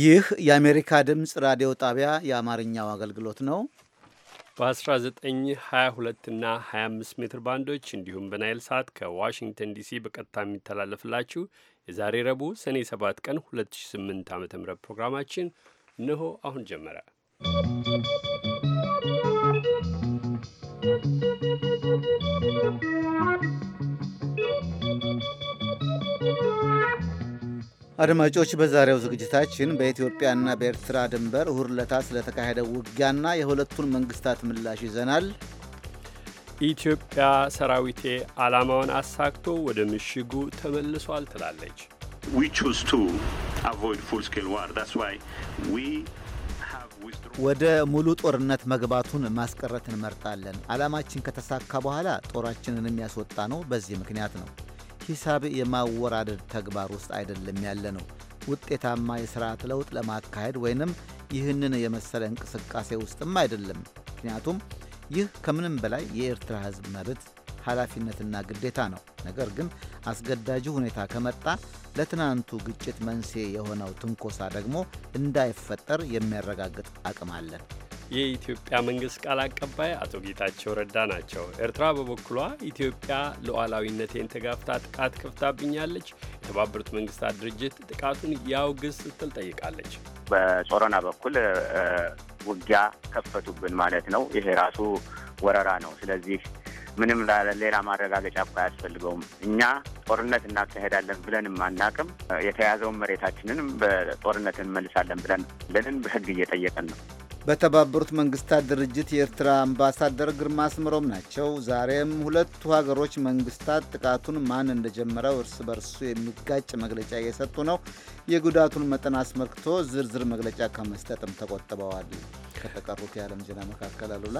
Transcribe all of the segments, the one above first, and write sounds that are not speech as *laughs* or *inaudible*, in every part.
ይህ የአሜሪካ ድምፅ ራዲዮ ጣቢያ የአማርኛው አገልግሎት ነው። በ1922 እና 25 ሜትር ባንዶች እንዲሁም በናይል ሳት ከዋሽንግተን ዲሲ በቀጥታ የሚተላለፍላችሁ የዛሬ ረቡዕ ሰኔ 7 ቀን 2008 ዓ ም ፕሮግራማችን እነሆ አሁን ጀመረ። አድማጮች በዛሬው ዝግጅታችን በኢትዮጵያና በኤርትራ ድንበር ሁርለታ ስለተካሄደ ውጊያና የሁለቱን መንግስታት ምላሽ ይዘናል። ኢትዮጵያ ሰራዊቴ ዓላማውን አሳክቶ ወደ ምሽጉ ተመልሷል ትላለች። ወደ ሙሉ ጦርነት መግባቱን ማስቀረት እንመርጣለን። ዓላማችን ከተሳካ በኋላ ጦራችንን የሚያስወጣ ነው። በዚህ ምክንያት ነው ሂሳብ የማወራደድ ተግባር ውስጥ አይደለም ያለ ነው። ውጤታማ የስርዓት ለውጥ ለማካሄድ ወይንም ይህንን የመሰለ እንቅስቃሴ ውስጥም አይደለም። ምክንያቱም ይህ ከምንም በላይ የኤርትራ ሕዝብ መብት ኃላፊነትና ግዴታ ነው። ነገር ግን አስገዳጅ ሁኔታ ከመጣ ለትናንቱ ግጭት መንስኤ የሆነው ትንኮሳ ደግሞ እንዳይፈጠር የሚያረጋግጥ አቅም አለን። የኢትዮጵያ መንግስት ቃል አቀባይ አቶ ጌታቸው ረዳ ናቸው። ኤርትራ በበኩሏ ኢትዮጵያ ሉዓላዊነቴን ተጋፍታ ጥቃት ከፍታብኛለች፣ የተባበሩት መንግስታት ድርጅት ጥቃቱን ያውግዝ ስትል ጠይቃለች። በጾረና በኩል ውጊያ ከፈቱብን ማለት ነው። ይሄ ራሱ ወረራ ነው። ስለዚህ ምንም ሌላ ማረጋገጫ እኮ አያስፈልገውም። እኛ ጦርነት እናካሄዳለን ብለንም አናቅም። የተያዘውን መሬታችንንም በጦርነት እንመልሳለን ብለን ለንን በህግ እየጠየቀን ነው። በተባበሩት መንግስታት ድርጅት የኤርትራ አምባሳደር ግርማ አስመሮም ናቸው። ዛሬም ሁለቱ ሀገሮች መንግስታት ጥቃቱን ማን እንደጀመረው እርስ በርሱ የሚጋጭ መግለጫ እየሰጡ ነው። የጉዳቱን መጠን አስመልክቶ ዝርዝር መግለጫ ከመስጠትም ተቆጥበዋል። ከተቀሩት የዓለም ዜና መካከል አሉላ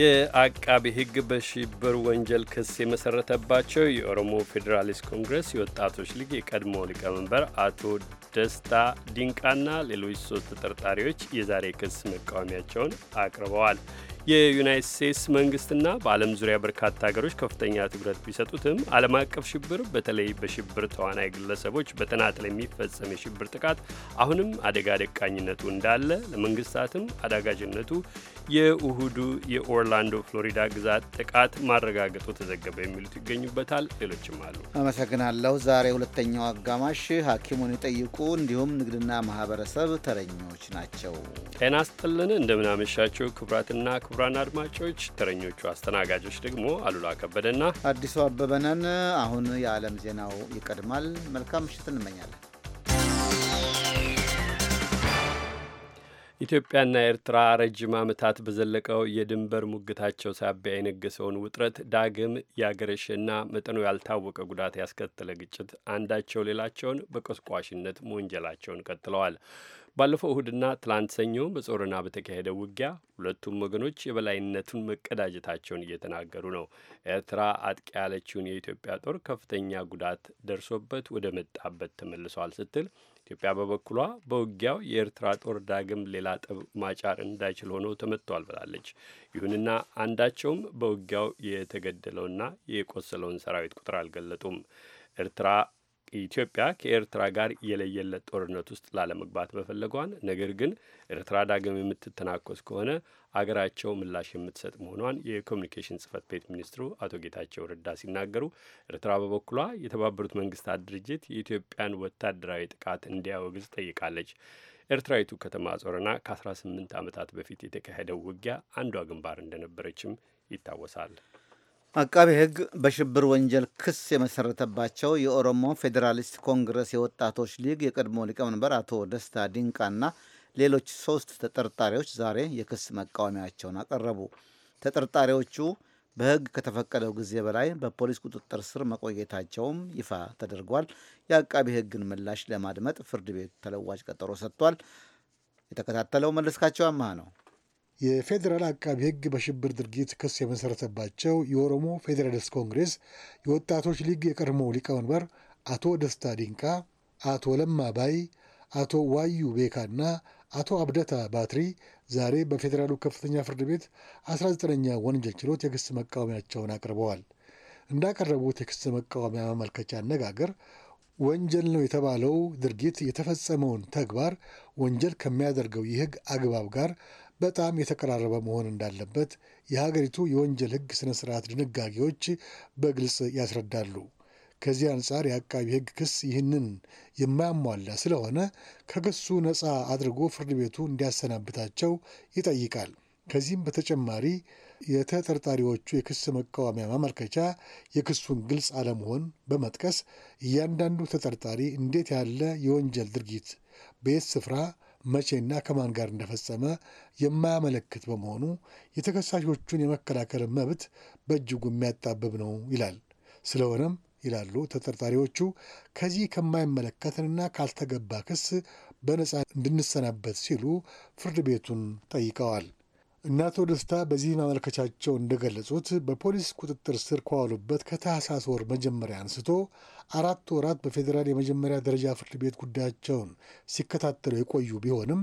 የአቃቢ ሕግ በሽብር ወንጀል ክስ የመሰረተባቸው የኦሮሞ ፌዴራሊስት ኮንግረስ የወጣቶች ሊግ የቀድሞ ሊቀመንበር አቶ ደስታ ዲንቃና ሌሎች ሶስት ተጠርጣሪዎች የዛሬ ክስ መቃወሚያቸውን አቅርበዋል። የዩናይት ስቴትስ መንግስትና በዓለም ዙሪያ በርካታ ሀገሮች ከፍተኛ ትኩረት ቢሰጡትም ዓለም አቀፍ ሽብር በተለይ በሽብር ተዋናይ ግለሰቦች በተናጠል የሚፈጸም የሽብር ጥቃት አሁንም አደጋ ደቃኝነቱ እንዳለ ለመንግስታትም አዳጋጅነቱ የእሁዱ የኦርላንዶ ፍሎሪዳ ግዛት ጥቃት ማረጋገጡ ተዘገበ የሚሉት ይገኙበታል። ሌሎችም አሉ። አመሰግናለሁ። ዛሬ ሁለተኛው አጋማሽ ሐኪሙን ይጠይቁ እንዲሁም ንግድና ማህበረሰብ ተረኞች ናቸው። ጤና ስጥልን እንደምናመሻቸው ክቡራትና ክቡራን አድማጮች፣ ተረኞቹ አስተናጋጆች ደግሞ አሉላ ከበደና አዲሱ አበበነን። አሁን የዓለም ዜናው ይቀድማል። መልካም ምሽት እንመኛለን። ኢትዮጵያና ኤርትራ ረጅም ዓመታት በዘለቀው የድንበር ሙግታቸው ሳቢያ የነገሰውን ውጥረት ዳግም ያገረሸና መጠኑ ያልታወቀ ጉዳት ያስከተለ ግጭት አንዳቸው ሌላቸውን በቆስቋሽነት መወንጀላቸውን ቀጥለዋል። ባለፈው እሁድና ትላንት ሰኞ በጾረና በተካሄደው ውጊያ ሁለቱም ወገኖች የበላይነቱን መቀዳጀታቸውን እየተናገሩ ነው። ኤርትራ አጥቂ ያለችውን የኢትዮጵያ ጦር ከፍተኛ ጉዳት ደርሶበት ወደ መጣበት ተመልሷል ስትል ኢትዮጵያ በበኩሏ በውጊያው የኤርትራ ጦር ዳግም ሌላ ጠብ ማጫር እንዳይችል ሆኖ ተመትቷል ብላለች። ይሁንና አንዳቸውም በውጊያው የተገደለውና የቆሰለውን ሰራዊት ቁጥር አልገለጡም። ኤርትራ ኢትዮጵያ ከኤርትራ ጋር የለየለት ጦርነት ውስጥ ላለመግባት መፈለጓን ነገር ግን ኤርትራ ዳግም የምትተናኮስ ከሆነ አገራቸው ምላሽ የምትሰጥ መሆኗን የኮሚኒኬሽን ጽህፈት ቤት ሚኒስትሩ አቶ ጌታቸው ረዳ ሲናገሩ፣ ኤርትራ በበኩሏ የተባበሩት መንግስታት ድርጅት የኢትዮጵያን ወታደራዊ ጥቃት እንዲያወግዝ ጠይቃለች። ኤርትራዊቱ ከተማ ጾረና ከ18 ዓመታት በፊት የተካሄደው ውጊያ አንዷ ግንባር እንደነበረችም ይታወሳል። አቃቤ ሕግ በሽብር ወንጀል ክስ የመሰረተባቸው የኦሮሞ ፌዴራሊስት ኮንግረስ የወጣቶች ሊግ የቀድሞ ሊቀመንበር አቶ ደስታ ዲንቃና ሌሎች ሶስት ተጠርጣሪዎች ዛሬ የክስ መቃወሚያቸውን አቀረቡ። ተጠርጣሪዎቹ በሕግ ከተፈቀደው ጊዜ በላይ በፖሊስ ቁጥጥር ስር መቆየታቸውም ይፋ ተደርጓል። የአቃቢ ሕግን ምላሽ ለማድመጥ ፍርድ ቤት ተለዋጭ ቀጠሮ ሰጥቷል። የተከታተለው መለስካቸው አማሃ ነው። የፌዴራል አቃቢ ሕግ በሽብር ድርጊት ክስ የመሰረተባቸው የኦሮሞ ፌዴራሊስት ኮንግሬስ የወጣቶች ሊግ የቀድሞ ሊቀመንበር አቶ ደስታ ዲንቃ፣ አቶ ለማ ባይ፣ አቶ ዋዩ ቤካና አቶ አብደታ ባትሪ ዛሬ በፌዴራሉ ከፍተኛ ፍርድ ቤት 19ኛ ወንጀል ችሎት የክስ መቃወሚያቸውን አቅርበዋል። እንዳቀረቡት የክስ መቃወሚያ ማመልከቻ አነጋገር ወንጀል ነው የተባለው ድርጊት የተፈጸመውን ተግባር ወንጀል ከሚያደርገው የሕግ አግባብ ጋር በጣም የተቀራረበ መሆን እንዳለበት የሀገሪቱ የወንጀል ሕግ ስነ ስርዓት ድንጋጌዎች በግልጽ ያስረዳሉ። ከዚህ አንጻር የአቃቢ ሕግ ክስ ይህንን የማያሟላ ስለሆነ ከክሱ ነፃ አድርጎ ፍርድ ቤቱ እንዲያሰናብታቸው ይጠይቃል። ከዚህም በተጨማሪ የተጠርጣሪዎቹ የክስ መቃወሚያ ማመልከቻ የክሱን ግልጽ አለመሆን በመጥቀስ እያንዳንዱ ተጠርጣሪ እንዴት ያለ የወንጀል ድርጊት በየት ስፍራ መቼና ከማን ጋር እንደፈጸመ የማያመለክት በመሆኑ የተከሳሾቹን የመከላከል መብት በእጅጉ የሚያጣብብ ነው ይላል። ስለሆነም ይላሉ ተጠርጣሪዎቹ ከዚህ ከማይመለከትንና ካልተገባ ክስ በነፃ እንድንሰናበት ሲሉ ፍርድ ቤቱን ጠይቀዋል። እናቶ አቶ ደስታ በዚህ ማመልከቻቸው እንደገለጹት በፖሊስ ቁጥጥር ስር ከዋሉበት ከታህሳስ ወር መጀመሪያ አንስቶ አራት ወራት በፌዴራል የመጀመሪያ ደረጃ ፍርድ ቤት ጉዳያቸውን ሲከታተሉ የቆዩ ቢሆንም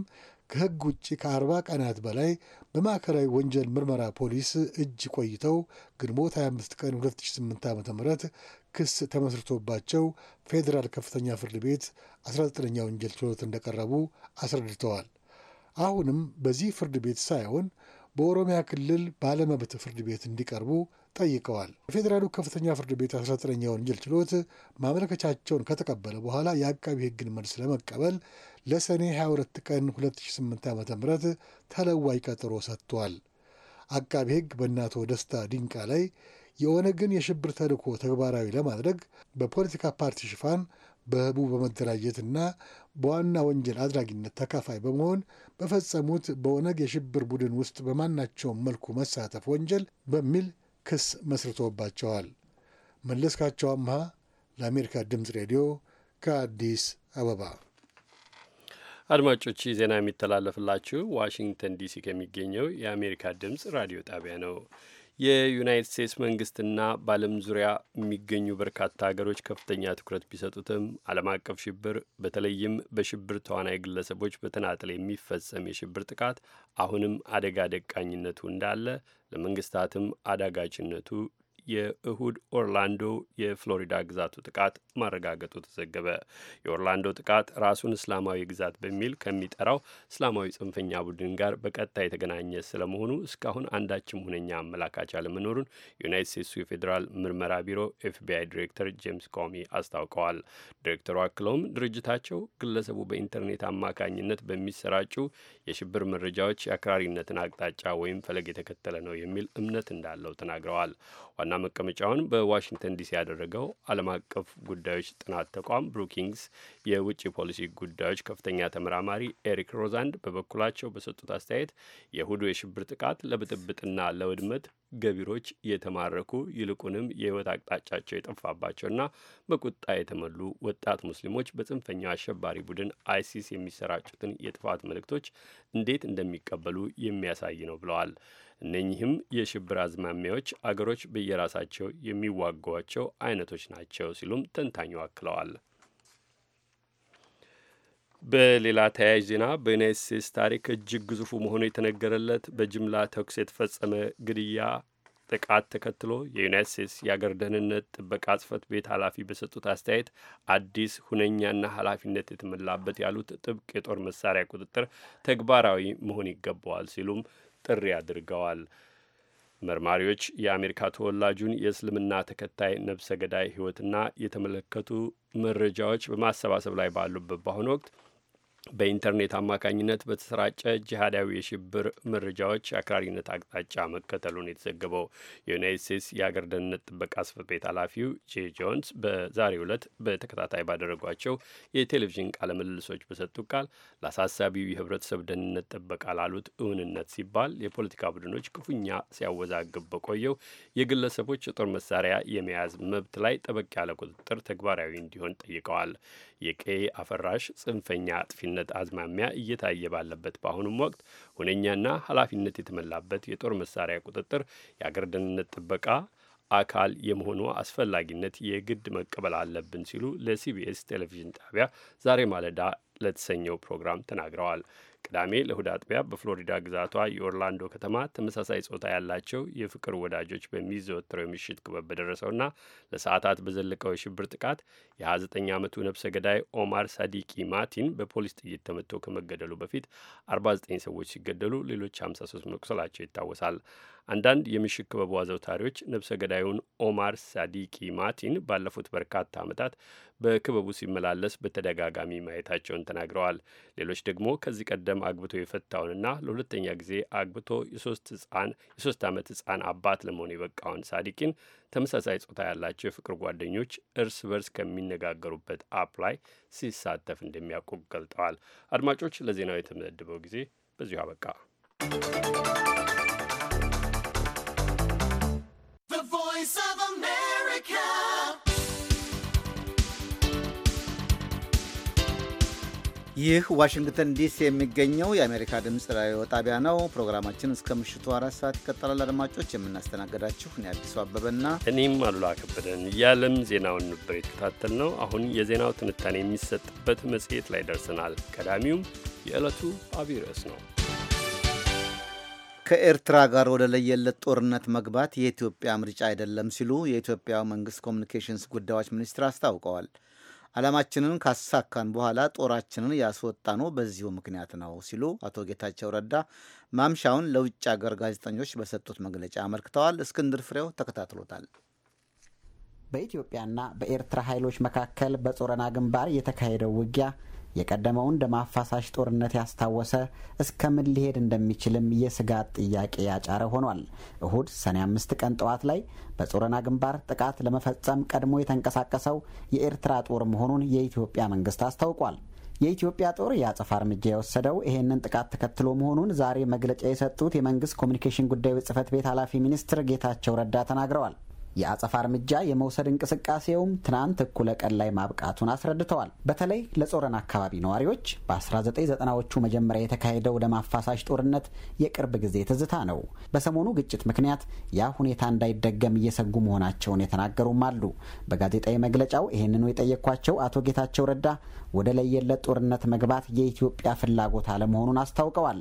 ከሕግ ውጭ ከአርባ ቀናት በላይ በማዕከላዊ ወንጀል ምርመራ ፖሊስ እጅ ቆይተው ግንቦት 25 ቀን 2008 ዓ ም ክስ ተመስርቶባቸው ፌዴራል ከፍተኛ ፍርድ ቤት 19ኛ ወንጀል ችሎት እንደቀረቡ አስረድተዋል። አሁንም በዚህ ፍርድ ቤት ሳይሆን በኦሮሚያ ክልል ባለመብት ፍርድ ቤት እንዲቀርቡ ጠይቀዋል። የፌዴራሉ ከፍተኛ ፍርድ ቤት 19ኛ ወንጀል ችሎት ማመለከቻቸውን ከተቀበለ በኋላ የአቃቢ ሕግን መልስ ለመቀበል ለሰኔ 22 ቀን 2008 ዓ.ም ተለዋጭ ቀጠሮ ሰጥቷል። አቃቢ ሕግ በእነ አቶ ደስታ ዲንቃ ላይ የኦነግን የሽብር ተልዕኮ ተግባራዊ ለማድረግ በፖለቲካ ፓርቲ ሽፋን በህቡ በመደራጀትና በዋና ወንጀል አድራጊነት ተካፋይ በመሆን በፈጸሙት በኦነግ የሽብር ቡድን ውስጥ በማናቸውም መልኩ መሳተፍ ወንጀል በሚል ክስ መስርቶባቸዋል። መለስካቸው አምሃ ለአሜሪካ ድምፅ ሬዲዮ ከአዲስ አበባ። አድማጮች ዜና የሚተላለፍላችሁ ዋሽንግተን ዲሲ ከሚገኘው የአሜሪካ ድምፅ ራዲዮ ጣቢያ ነው። የዩናይትድ ስቴትስ መንግስትና በዓለም ዙሪያ የሚገኙ በርካታ ሀገሮች ከፍተኛ ትኩረት ቢሰጡትም ዓለም አቀፍ ሽብር በተለይም በሽብር ተዋናይ ግለሰቦች በተናጠል የሚፈጸም የሽብር ጥቃት አሁንም አደጋ ደቃኝነቱ እንዳለ ለመንግስታትም አዳጋችነቱ የእሁድ ኦርላንዶ የፍሎሪዳ ግዛቱ ጥቃት ማረጋገጡ ተዘገበ። የኦርላንዶ ጥቃት ራሱን እስላማዊ ግዛት በሚል ከሚጠራው እስላማዊ ጽንፈኛ ቡድን ጋር በቀጥታ የተገናኘ ስለመሆኑ እስካሁን አንዳችም ሁነኛ አመላካች አለመኖሩን ዩናይት ስቴትሱ የፌዴራል ምርመራ ቢሮ ኤፍቢአይ ዲሬክተር ጄምስ ኮሚ አስታውቀዋል። ዲሬክተሩ አክለውም ድርጅታቸው ግለሰቡ በኢንተርኔት አማካኝነት በሚሰራጩ የሽብር መረጃዎች የአክራሪነትን አቅጣጫ ወይም ፈለግ የተከተለ ነው የሚል እምነት እንዳለው ተናግረዋል። ዋና መቀመጫውን በዋሽንግተን ዲሲ ያደረገው ዓለም አቀፍ ጉዳዮች ጥናት ተቋም ብሩኪንግስ የውጭ ፖሊሲ ጉዳዮች ከፍተኛ ተመራማሪ ኤሪክ ሮዛንድ በበኩላቸው በሰጡት አስተያየት የእሁዱ የሽብር ጥቃት ለብጥብጥና ለውድመት ገቢሮች የተማረኩ ይልቁንም የህይወት አቅጣጫቸው የጠፋባቸውና በቁጣ የተሞሉ ወጣት ሙስሊሞች በጽንፈኛው አሸባሪ ቡድን አይሲስ የሚሰራጩትን የጥፋት መልእክቶች እንዴት እንደሚቀበሉ የሚያሳይ ነው ብለዋል። እነኚህም የሽብር አዝማሚያዎች አገሮች በየራሳቸው የሚዋጓቸው አይነቶች ናቸው ሲሉም ተንታኙ አክለዋል። በሌላ ተያያዥ ዜና በዩናይት ስቴትስ ታሪክ እጅግ ግዙፉ መሆኑ የተነገረለት በጅምላ ተኩስ የተፈጸመ ግድያ ጥቃት ተከትሎ የዩናይት ስቴትስ የአገር ደህንነት ጥበቃ ጽህፈት ቤት ኃላፊ በሰጡት አስተያየት አዲስ ሁነኛና ኃላፊነት የተሞላበት ያሉት ጥብቅ የጦር መሳሪያ ቁጥጥር ተግባራዊ መሆን ይገባዋል ሲሉም ጥሪ አድርገዋል። መርማሪዎች የአሜሪካ ተወላጁን የእስልምና ተከታይ ነብሰ ገዳይ ሕይወትና የተመለከቱ መረጃዎች በማሰባሰብ ላይ ባሉበት በአሁኑ ወቅት በኢንተርኔት አማካኝነት በተሰራጨ ጂሃዳዊ የሽብር መረጃዎች አክራሪነት አቅጣጫ መከተሉን የተዘገበው የዩናይት ስቴትስ የአገር ደህንነት ጥበቃ ጽሕፈት ቤት ኃላፊው ጄ ጆንስ በዛሬው ዕለት በተከታታይ ባደረጓቸው የቴሌቪዥን ቃለ ምልልሶች ቃል ለአሳሳቢው የህብረተሰብ ደህንነት ጥበቃ ላሉት እውንነት ሲባል የፖለቲካ ቡድኖች ክፉኛ ሲያወዛግብ በቆየው የግለሰቦች የጦር መሳሪያ የመያዝ መብት ላይ ጠበቅ ያለ ቁጥጥር ተግባራዊ እንዲሆን ጠይቀዋል። የቀይ አፈራሽ ጽንፈኛ አጥፊነት አዝማሚያ እየታየ ባለበት በአሁኑም ወቅት ሁነኛና ኃላፊነት የተመላበት የጦር መሳሪያ ቁጥጥር የአገር ደህንነት ጥበቃ አካል የመሆኑ አስፈላጊነት የግድ መቀበል አለብን ሲሉ ለሲቢኤስ ቴሌቪዥን ጣቢያ ዛሬ ማለዳ ለተሰኘው ፕሮግራም ተናግረዋል። ቅዳሜ ለእሁድ አጥቢያ በፍሎሪዳ ግዛቷ የኦርላንዶ ከተማ ተመሳሳይ ጾታ ያላቸው የፍቅር ወዳጆች በሚዘወትረው የምሽት ክበብ በደረሰውና ለሰዓታት በዘለቀው የሽብር ጥቃት የ29 ዓመቱ ነብሰ ገዳይ ኦማር ሳዲቂ ማቲን በፖሊስ ጥይት ተመቶ ከመገደሉ በፊት 49 ሰዎች ሲገደሉ ሌሎች 53 መቁሰላቸው ይታወሳል። አንዳንድ የምሽት ክበቡ አዘውታሪዎች ነብሰ ገዳዩን ኦማር ሳዲቂ ማቲን ባለፉት በርካታ ዓመታት በክበቡ ሲመላለስ በተደጋጋሚ ማየታቸውን ተናግረዋል። ሌሎች ደግሞ ከዚህ ቀደም አግብቶ የፈታውንና ለሁለተኛ ጊዜ አግብቶ የሶስት ዓመት ሕፃን አባት ለመሆን የበቃውን ሳዲቂን ተመሳሳይ ጾታ ያላቸው የፍቅር ጓደኞች እርስ በርስ ከሚነጋገሩበት አፕ ላይ ሲሳተፍ እንደሚያውቁ ገልጠዋል። አድማጮች፣ ለዜናው የተመደበው ጊዜ በዚሁ አበቃ። ይህ ዋሽንግተን ዲሲ የሚገኘው የአሜሪካ ድምፅ ራዲዮ ጣቢያ ነው። ፕሮግራማችን እስከ ምሽቱ አራት ሰዓት ይቀጥላል። አድማጮች የምናስተናግዳችሁ እኔ አዲሱ አበበና እኔም አሉላ ከበደን የዓለም ዜናውን ነበር የተከታተል ነው። አሁን የዜናው ትንታኔ የሚሰጥበት መጽሔት ላይ ደርሰናል። ቀዳሚውም የዕለቱ አብይ ርዕስ ነው። ከኤርትራ ጋር ወደ ለየለት ጦርነት መግባት የኢትዮጵያ ምርጫ አይደለም ሲሉ የኢትዮጵያ መንግስት ኮሚኒኬሽንስ ጉዳዮች ሚኒስትር አስታውቀዋል። ዓላማችንን ካሳካን በኋላ ጦራችንን ነው በዚሁ ምክንያት ነው ሲሉ አቶ ጌታቸው ረዳ ማምሻውን ለውጭ አገር ጋዜጠኞች በሰጡት መግለጫ አመልክተዋል። እስክንድር ፍሬው ተከታትሎታል። በኢትዮጵያና በኤርትራ ኃይሎች መካከል በጾረና ግንባር የተካሄደው ውጊያ የቀደመውን ደም አፋሳሽ ጦርነት ያስታወሰ እስከምን ሊሄድ እንደሚችልም የስጋት ጥያቄ ያጫረ ሆኗል። እሁድ ሰኔ አምስት ቀን ጠዋት ላይ በጾረና ግንባር ጥቃት ለመፈጸም ቀድሞ የተንቀሳቀሰው የኤርትራ ጦር መሆኑን የኢትዮጵያ መንግስት አስታውቋል። የኢትዮጵያ ጦር የአጸፋ እርምጃ የወሰደው ይህንን ጥቃት ተከትሎ መሆኑን ዛሬ መግለጫ የሰጡት የመንግስት ኮሚኒኬሽን ጉዳዮች ጽህፈት ቤት ኃላፊ ሚኒስትር ጌታቸው ረዳ ተናግረዋል። የአጸፋ እርምጃ የመውሰድ እንቅስቃሴውም ትናንት እኩለ ቀን ላይ ማብቃቱን አስረድተዋል። በተለይ ለጾረን አካባቢ ነዋሪዎች በ1990ዎቹ መጀመሪያ የተካሄደው ደም አፋሳሽ ጦርነት የቅርብ ጊዜ ትዝታ ነው። በሰሞኑ ግጭት ምክንያት ያ ሁኔታ እንዳይደገም እየሰጉ መሆናቸውን የተናገሩም አሉ። በጋዜጣዊ መግለጫው ይህንኑ የጠየኳቸው አቶ ጌታቸው ረዳ ወደ ለየለት ጦርነት መግባት የኢትዮጵያ ፍላጎት አለመሆኑን አስታውቀዋል።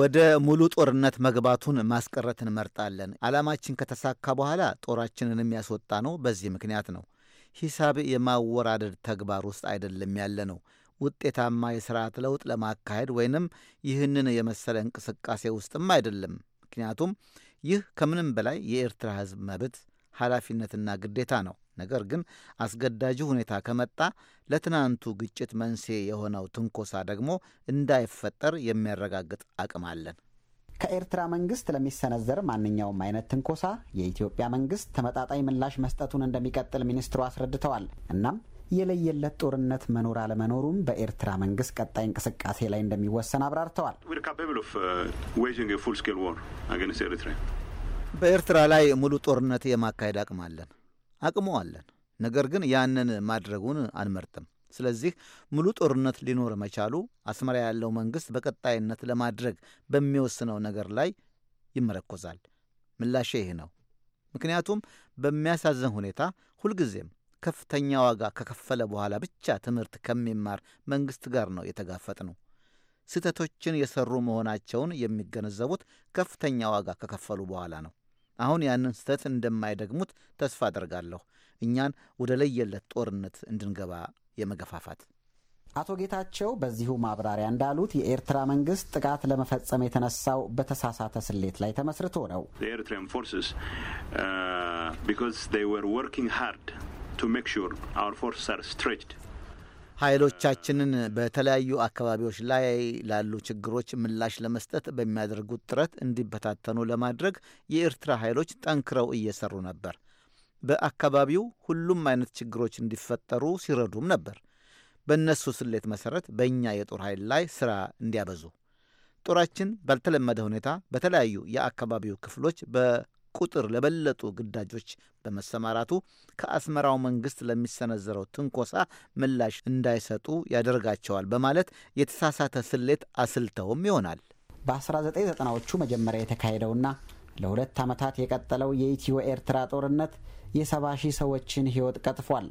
ወደ ሙሉ ጦርነት መግባቱን ማስቀረት እንመርጣለን። ዓላማችን ከተሳካ በኋላ ጦራችንን የሚያስወጣ ነው። በዚህ ምክንያት ነው ሂሳብ የማወራደድ ተግባር ውስጥ አይደለም ያለ ነው። ውጤታማ የሥርዓት ለውጥ ለማካሄድ ወይንም ይህንን የመሰለ እንቅስቃሴ ውስጥም አይደለም። ምክንያቱም ይህ ከምንም በላይ የኤርትራ ሕዝብ መብት ኃላፊነትና ግዴታ ነው። ነገር ግን አስገዳጁ ሁኔታ ከመጣ ለትናንቱ ግጭት መንስኤ የሆነው ትንኮሳ ደግሞ እንዳይፈጠር የሚያረጋግጥ አቅም አለን። ከኤርትራ መንግስት ለሚሰነዘር ማንኛውም አይነት ትንኮሳ የኢትዮጵያ መንግስት ተመጣጣኝ ምላሽ መስጠቱን እንደሚቀጥል ሚኒስትሩ አስረድተዋል። እናም የለየለት ጦርነት መኖር አለመኖሩም በኤርትራ መንግስት ቀጣይ እንቅስቃሴ ላይ እንደሚወሰን አብራርተዋል። uh, በኤርትራ ላይ ሙሉ ጦርነት የማካሄድ አቅም አለን። አቅመዋለን። ነገር ግን ያንን ማድረጉን አንመርጥም። ስለዚህ ሙሉ ጦርነት ሊኖር መቻሉ አስመራ ያለው መንግሥት በቀጣይነት ለማድረግ በሚወስነው ነገር ላይ ይመረኮዛል። ምላሼ ይህ ነው። ምክንያቱም በሚያሳዝን ሁኔታ ሁልጊዜም ከፍተኛ ዋጋ ከከፈለ በኋላ ብቻ ትምህርት ከሚማር መንግሥት ጋር ነው የተጋፈጥ ነው። ስህተቶችን የሰሩ መሆናቸውን የሚገነዘቡት ከፍተኛ ዋጋ ከከፈሉ በኋላ ነው። አሁን ያንን ስህተት እንደማይደግሙት ተስፋ አደርጋለሁ። እኛን ወደ ለየለት ጦርነት እንድንገባ የመገፋፋት አቶ ጌታቸው በዚሁ ማብራሪያ እንዳሉት የኤርትራ መንግስት ጥቃት ለመፈጸም የተነሳው በተሳሳተ ስሌት ላይ ተመስርቶ ነው። ኃይሎቻችንን በተለያዩ አካባቢዎች ላይ ላሉ ችግሮች ምላሽ ለመስጠት በሚያደርጉት ጥረት እንዲበታተኑ ለማድረግ የኤርትራ ኃይሎች ጠንክረው እየሰሩ ነበር። በአካባቢው ሁሉም አይነት ችግሮች እንዲፈጠሩ ሲረዱም ነበር። በእነሱ ስሌት መሠረት በእኛ የጦር ኃይል ላይ ሥራ እንዲያበዙ ጦራችን ባልተለመደ ሁኔታ በተለያዩ የአካባቢው ክፍሎች በ ቁጥር ለበለጡ ግዳጆች በመሰማራቱ ከአስመራው መንግስት ለሚሰነዘረው ትንኮሳ ምላሽ እንዳይሰጡ ያደርጋቸዋል በማለት የተሳሳተ ስሌት አስልተውም ይሆናል። በ1990ዎቹ መጀመሪያ የተካሄደውና ለሁለት ዓመታት የቀጠለው የኢትዮ ኤርትራ ጦርነት የ70 ሺህ ሰዎችን ሕይወት ቀጥፏል።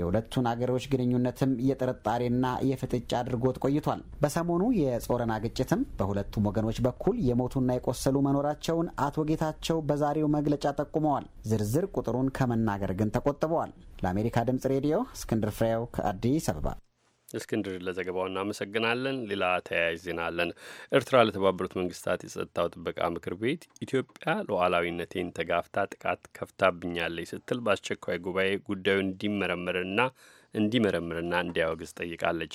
የሁለቱን አገሮች ግንኙነትም የጥርጣሬና የፍጥጫ አድርጎት ቆይቷል። በሰሞኑ የጾረና ግጭትም በሁለቱም ወገኖች በኩል የሞቱና የቆሰሉ መኖራቸውን አቶ ጌታቸው በዛሬው መግለጫ ጠቁመዋል። ዝርዝር ቁጥሩን ከመናገር ግን ተቆጥበዋል። ለአሜሪካ ድምጽ ሬዲዮ እስክንድር ፍሬው ከአዲስ አበባ እስክንድር ለዘገባው እናመሰግናለን። ሌላ ተያያዥ ዜና አለን። ኤርትራ ለተባበሩት መንግስታት የጸጥታው ጥበቃ ምክር ቤት ኢትዮጵያ ሉዓላዊነቴን ተጋፍታ ጥቃት ከፍታብኛለች ስትል በአስቸኳይ ጉባኤ ጉዳዩ እንዲመረምርና እንዲመረምርና እንዲያወግዝ ጠይቃለች።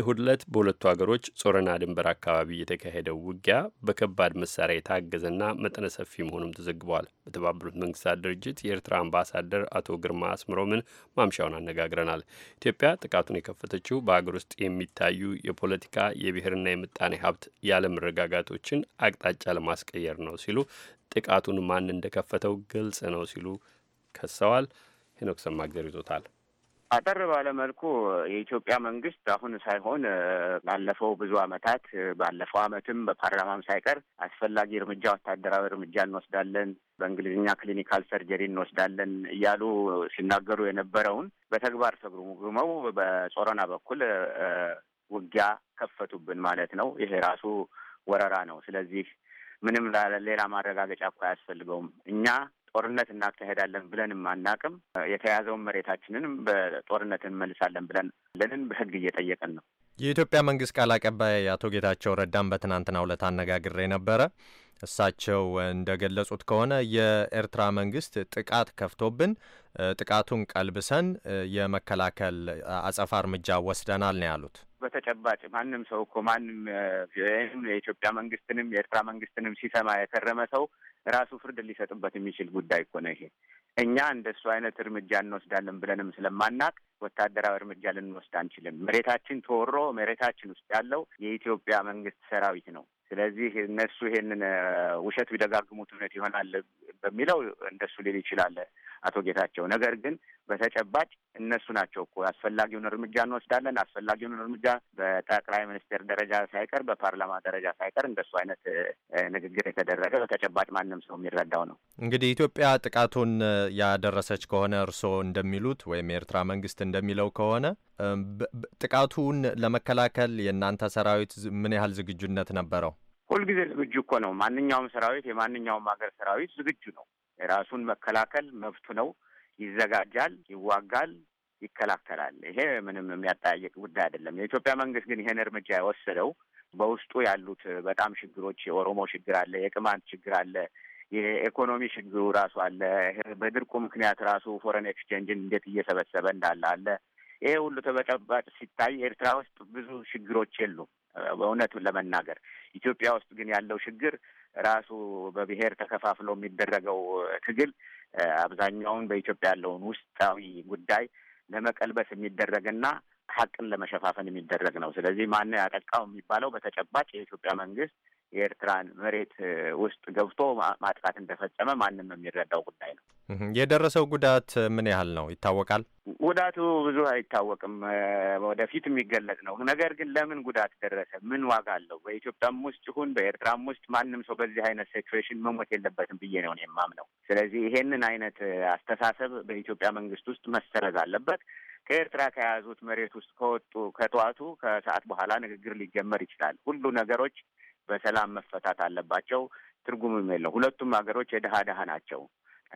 እሁድ ዕለት በሁለቱ ሀገሮች ጾረና ድንበር አካባቢ የተካሄደው ውጊያ በከባድ መሳሪያ የታገዘና መጠነ ሰፊ መሆኑም ተዘግቧል። በተባበሩት መንግስታት ድርጅት የኤርትራ አምባሳደር አቶ ግርማ አስምሮምን ማምሻውን አነጋግረናል። ኢትዮጵያ ጥቃቱን የከፈተችው በሀገር ውስጥ የሚታዩ የፖለቲካ የብሔርና የምጣኔ ሀብት ያለመረጋጋቶችን አቅጣጫ ለማስቀየር ነው ሲሉ ጥቃቱን ማን እንደከፈተው ግልጽ ነው ሲሉ ከሰዋል። ሄኖክ ሰማግዘር ይዞታል። አጠር ባለ መልኩ የኢትዮጵያ መንግስት አሁን ሳይሆን ባለፈው ብዙ አመታት ባለፈው አመትም በፓርላማም ሳይቀር አስፈላጊ እርምጃ ወታደራዊ እርምጃ እንወስዳለን፣ በእንግሊዝኛ ክሊኒካል ሰርጀሪ እንወስዳለን እያሉ ሲናገሩ የነበረውን በተግባር ተግሩምግመው በጾረና በኩል ውጊያ ከፈቱብን ማለት ነው። ይሄ ራሱ ወረራ ነው። ስለዚህ ምንም ሌላ ማረጋገጫ እኮ አያስፈልገውም። እኛ ጦርነት እናካሄዳለን ብለንም አናቅም። የተያዘውን መሬታችንንም በጦርነት እንመልሳለን ብለን ለንን በህግ እየጠየቀን ነው። የኢትዮጵያ መንግስት ቃል አቀባይ አቶ ጌታቸው ረዳን በትናንትናው ዕለት አነጋግሬ ነበረ። እሳቸው እንደገለጹት ከሆነ የኤርትራ መንግስት ጥቃት ከፍቶብን ጥቃቱን ቀልብሰን የመከላከል አጸፋ እርምጃ ወስደናል ነው ያሉት። በተጨባጭ ማንም ሰው እኮ ማንም የኢትዮጵያ መንግስትንም የኤርትራ መንግስትንም ሲሰማ የከረመ ሰው ራሱ ፍርድ ሊሰጥበት የሚችል ጉዳይ እኮ ነው ይሄ። እኛ እንደሱ አይነት እርምጃ እንወስዳለን ብለንም ስለማናቅ ወታደራዊ እርምጃ ልንወስድ አንችልም። መሬታችን ተወሮ መሬታችን ውስጥ ያለው የኢትዮጵያ መንግስት ሰራዊት ነው። ስለዚህ እነሱ ይሄንን ውሸት ቢደጋግሙት እውነት ይሆናል በሚለው እንደሱ ሊል ይችላል። አቶ ጌታቸው። ነገር ግን በተጨባጭ እነሱ ናቸው እኮ አስፈላጊውን እርምጃ እንወስዳለን። አስፈላጊውን እርምጃ በጠቅላይ ሚኒስቴር ደረጃ ሳይቀር በፓርላማ ደረጃ ሳይቀር እንደሱ አይነት ንግግር የተደረገ በተጨባጭ ማንም ሰው የሚረዳው ነው። እንግዲህ ኢትዮጵያ ጥቃቱን ያደረሰች ከሆነ እርስዎ እንደሚሉት ወይም የኤርትራ መንግስት እንደሚለው ከሆነ ጥቃቱን ለመከላከል የእናንተ ሰራዊት ምን ያህል ዝግጁነት ነበረው? ሁልጊዜ ዝግጁ እኮ ነው። ማንኛውም ሰራዊት የማንኛውም ሀገር ሰራዊት ዝግጁ ነው። የራሱን መከላከል መብቱ ነው። ይዘጋጃል፣ ይዋጋል፣ ይከላከላል። ይሄ ምንም የሚያጠያየቅ ጉዳይ አይደለም። የኢትዮጵያ መንግስት ግን ይሄን እርምጃ የወሰደው በውስጡ ያሉት በጣም ችግሮች የኦሮሞ ችግር አለ፣ የቅማንት ችግር አለ፣ የኢኮኖሚ ችግሩ ራሱ አለ። በድርቁ ምክንያት ራሱ ፎረን ኤክስቼንጅን እንዴት እየሰበሰበ እንዳለ አለ። ይሄ ሁሉ ተበጨባጭ ሲታይ ኤርትራ ውስጥ ብዙ ችግሮች የሉም። በእውነቱ ለመናገር ኢትዮጵያ ውስጥ ግን ያለው ችግር ራሱ በብሔር ተከፋፍሎ የሚደረገው ትግል አብዛኛውን በኢትዮጵያ ያለውን ውስጣዊ ጉዳይ ለመቀልበስ የሚደረግና ሀቅን ለመሸፋፈን የሚደረግ ነው። ስለዚህ ማን ያጠቃው የሚባለው በተጨባጭ የኢትዮጵያ መንግስት የኤርትራን መሬት ውስጥ ገብቶ ማጥቃት እንደፈጸመ ማንም የሚረዳው ጉዳይ ነው። hm የደረሰው ጉዳት ምን ያህል ነው ይታወቃል? ጉዳቱ ብዙ አይታወቅም፣ ወደፊት የሚገለጽ ነው። ነገር ግን ለምን ጉዳት ደረሰ? ምን ዋጋ አለው? በኢትዮጵያም ውስጥ ይሁን በኤርትራም ውስጥ ማንም ሰው በዚህ አይነት ሲትዌሽን መሞት የለበትም ብዬ ነው የማምነው። ስለዚህ ይሄንን አይነት አስተሳሰብ በኢትዮጵያ መንግስት ውስጥ መሰረዝ አለበት። ከኤርትራ ከያዙት መሬት ውስጥ ከወጡ ከጠዋቱ ከሰዓት በኋላ ንግግር ሊጀመር ይችላል። ሁሉ ነገሮች በሰላም መፈታት አለባቸው። ትርጉምም የለው። ሁለቱም ሀገሮች የድሀ ድሀ ናቸው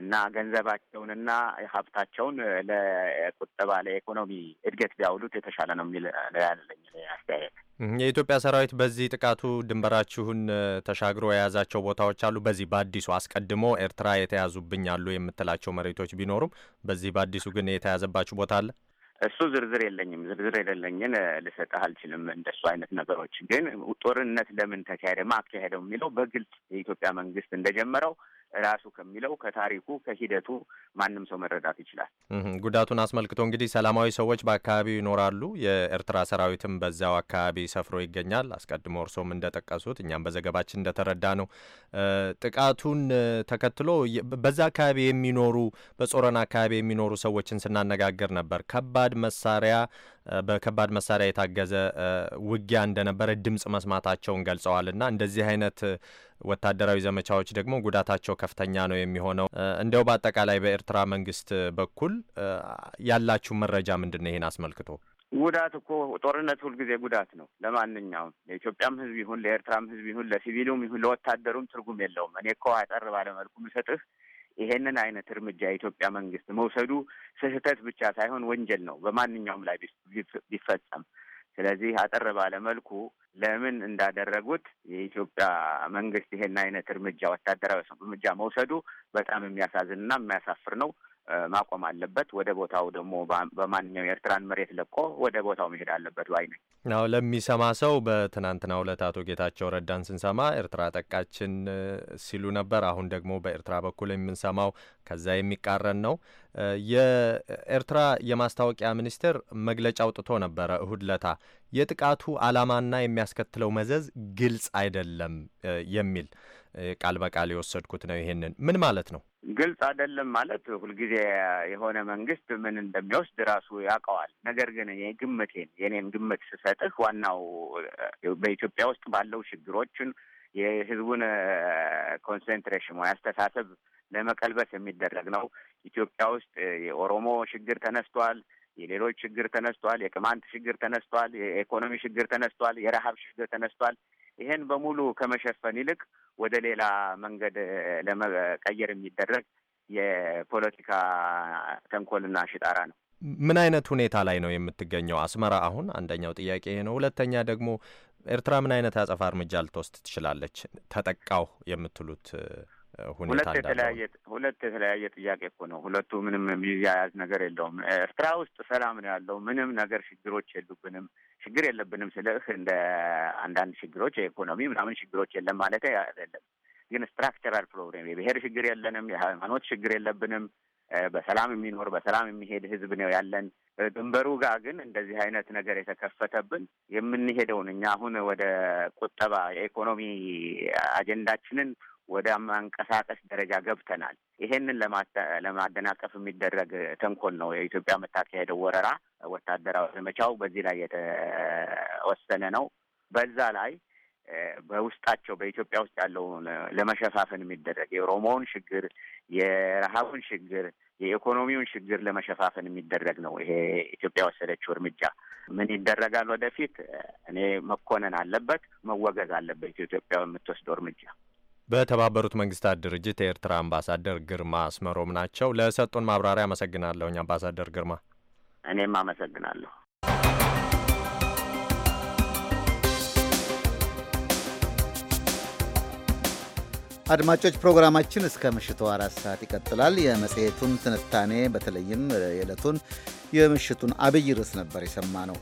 እና ገንዘባቸውንና ሀብታቸውን ለቁጠባ ለኢኮኖሚ እድገት ቢያውሉት የተሻለ ነው የሚል ያለኝ አስተያየት። የኢትዮጵያ ሰራዊት በዚህ ጥቃቱ ድንበራችሁን ተሻግሮ የያዛቸው ቦታዎች አሉ። በዚህ በአዲሱ አስቀድሞ ኤርትራ የተያዙብኝ አሉ የምትላቸው መሬቶች ቢኖሩም በዚህ በአዲሱ ግን የተያዘባችሁ ቦታ አለ? እሱ ዝርዝር የለኝም። ዝርዝር የሌለኝን ልሰጥህ አልችልም። እንደሱ አይነት ነገሮች ግን ጦርነት ለምን ተካሄደ፣ ማ አካሄደው የሚለው በግልጽ የኢትዮጵያ መንግስት እንደጀመረው ራሱ ከሚለው ከታሪኩ ከሂደቱ ማንም ሰው መረዳት ይችላል። ጉዳቱን አስመልክቶ እንግዲህ ሰላማዊ ሰዎች በአካባቢው ይኖራሉ። የኤርትራ ሰራዊትም በዛው አካባቢ ሰፍሮ ይገኛል። አስቀድሞ እርሶም እንደጠቀሱት እኛም በዘገባችን እንደተረዳ ነው ጥቃቱን ተከትሎ በዛ አካባቢ የሚኖሩ በጾረና አካባቢ የሚኖሩ ሰዎችን ስናነጋገር ነበር። ከባድ መሳሪያ በከባድ መሳሪያ የታገዘ ውጊያ እንደነበረ ድምፅ መስማታቸውን ገልጸዋል። እና እንደዚህ አይነት ወታደራዊ ዘመቻዎች ደግሞ ጉዳታቸው ከፍተኛ ነው የሚሆነው። እንዲያው በአጠቃላይ በኤርትራ መንግስት በኩል ያላችሁ መረጃ ምንድን ነው? ይህን አስመልክቶ ጉዳት እኮ ጦርነት ሁልጊዜ ጉዳት ነው ለማንኛውም፣ ለኢትዮጵያም ህዝብ ይሁን ለኤርትራም ህዝብ ይሁን ለሲቪሉም ይሁን ለወታደሩም ትርጉም የለውም። እኔ እኮ አጠር ባለመልኩ ምሰጥህ ይሄንን አይነት እርምጃ የኢትዮጵያ መንግስት መውሰዱ ስህተት ብቻ ሳይሆን ወንጀል ነው በማንኛውም ላይ ቢፈጸም። ስለዚህ አጠር ባለ መልኩ ለምን እንዳደረጉት የኢትዮጵያ መንግስት ይሄን አይነት እርምጃ ወታደራዊ እርምጃ መውሰዱ በጣም የሚያሳዝንና የሚያሳፍር ነው። ማቆም አለበት። ወደ ቦታው ደግሞ በማንኛው የኤርትራን መሬት ለቆ ወደ ቦታው መሄድ አለበት ባይ ነኝ። አዎ ለሚሰማ ሰው በትናንትናው ዕለት አቶ ጌታቸው ረዳን ስንሰማ ኤርትራ ጠቃችን ሲሉ ነበር። አሁን ደግሞ በኤርትራ በኩል የምንሰማው ከዛ የሚቃረን ነው። የኤርትራ የማስታወቂያ ሚኒስቴር መግለጫ አውጥቶ ነበረ እሁድ ለታ የጥቃቱ ዓላማና የሚያስከትለው መዘዝ ግልጽ አይደለም የሚል ቃል በቃል የወሰድኩት ነው። ይሄንን ምን ማለት ነው? ግልጽ አይደለም ማለት ሁልጊዜ የሆነ መንግስት ምን እንደሚወስድ ራሱ ያውቀዋል። ነገር ግን ግምቴን የኔን ግምት ስሰጥህ ዋናው በኢትዮጵያ ውስጥ ባለው ችግሮችን የህዝቡን ኮንሰንትሬሽን ወይ አስተሳሰብ ለመቀልበስ የሚደረግ ነው። ኢትዮጵያ ውስጥ የኦሮሞ ችግር ተነስቷል። የሌሎች ችግር ተነስቷል። የቅማንት ችግር ተነስቷል። የኢኮኖሚ ችግር ተነስቷል። የረሀብ ችግር ተነስቷል። ይሄን በሙሉ ከመሸፈን ይልቅ ወደ ሌላ መንገድ ለመቀየር የሚደረግ የፖለቲካ ተንኮልና ሽጣራ ነው። ምን አይነት ሁኔታ ላይ ነው የምትገኘው አስመራ አሁን? አንደኛው ጥያቄ ይሄ ነው። ሁለተኛ ደግሞ ኤርትራ ምን አይነት አጸፋ እርምጃ ልትወስድ ትችላለች? ተጠቃው የምትሉት ሁኔታ የተለያየ ሁለት የተለያየ ጥያቄ እኮ ነው። ሁለቱ ምንም የሚያያዝ ነገር የለውም። ኤርትራ ውስጥ ሰላም ነው ያለው። ምንም ነገር ችግሮች የሉብንም። ችግር የለብንም ስልህ እንደ አንዳንድ ችግሮች የኢኮኖሚ ምናምን ችግሮች የለም ማለት አይደለም። ግን ስትራክቸራል ፕሮብሌም የብሔር ችግር የለንም። የሃይማኖት ችግር የለብንም። በሰላም የሚኖር በሰላም የሚሄድ ህዝብ ነው ያለን። ድንበሩ ጋር ግን እንደዚህ አይነት ነገር የተከፈተብን የምንሄደውን እኛ አሁን ወደ ቁጠባ የኢኮኖሚ አጀንዳችንን ወደ ማንቀሳቀስ ደረጃ ገብተናል። ይሄንን ለማደናቀፍ የሚደረግ ተንኮል ነው። የኢትዮጵያ የምታካሄደው ወረራ ወታደራዊ ዘመቻው በዚህ ላይ የተወሰነ ነው። በዛ ላይ በውስጣቸው በኢትዮጵያ ውስጥ ያለውን ለመሸፋፈን የሚደረግ የኦሮሞውን ችግር፣ የረሃቡን ችግር፣ የኢኮኖሚውን ችግር ለመሸፋፈን የሚደረግ ነው። ይሄ ኢትዮጵያ የወሰደችው እርምጃ ምን ይደረጋል ወደፊት እኔ መኮነን አለበት፣ መወገዝ አለበት ኢትዮጵያ የምትወስደው እርምጃ በተባበሩት መንግስታት ድርጅት የኤርትራ አምባሳደር ግርማ አስመሮም ናቸው። ለሰጡን ማብራሪያ አመሰግናለሁኝ አምባሳደር ግርማ። እኔም አመሰግናለሁ። አድማጮች ፕሮግራማችን እስከ ምሽቱ አራት ሰዓት ይቀጥላል። የመጽሔቱን ትንታኔ በተለይም የዕለቱን የምሽቱን አብይ ርዕስ ነበር የሰማ ነው።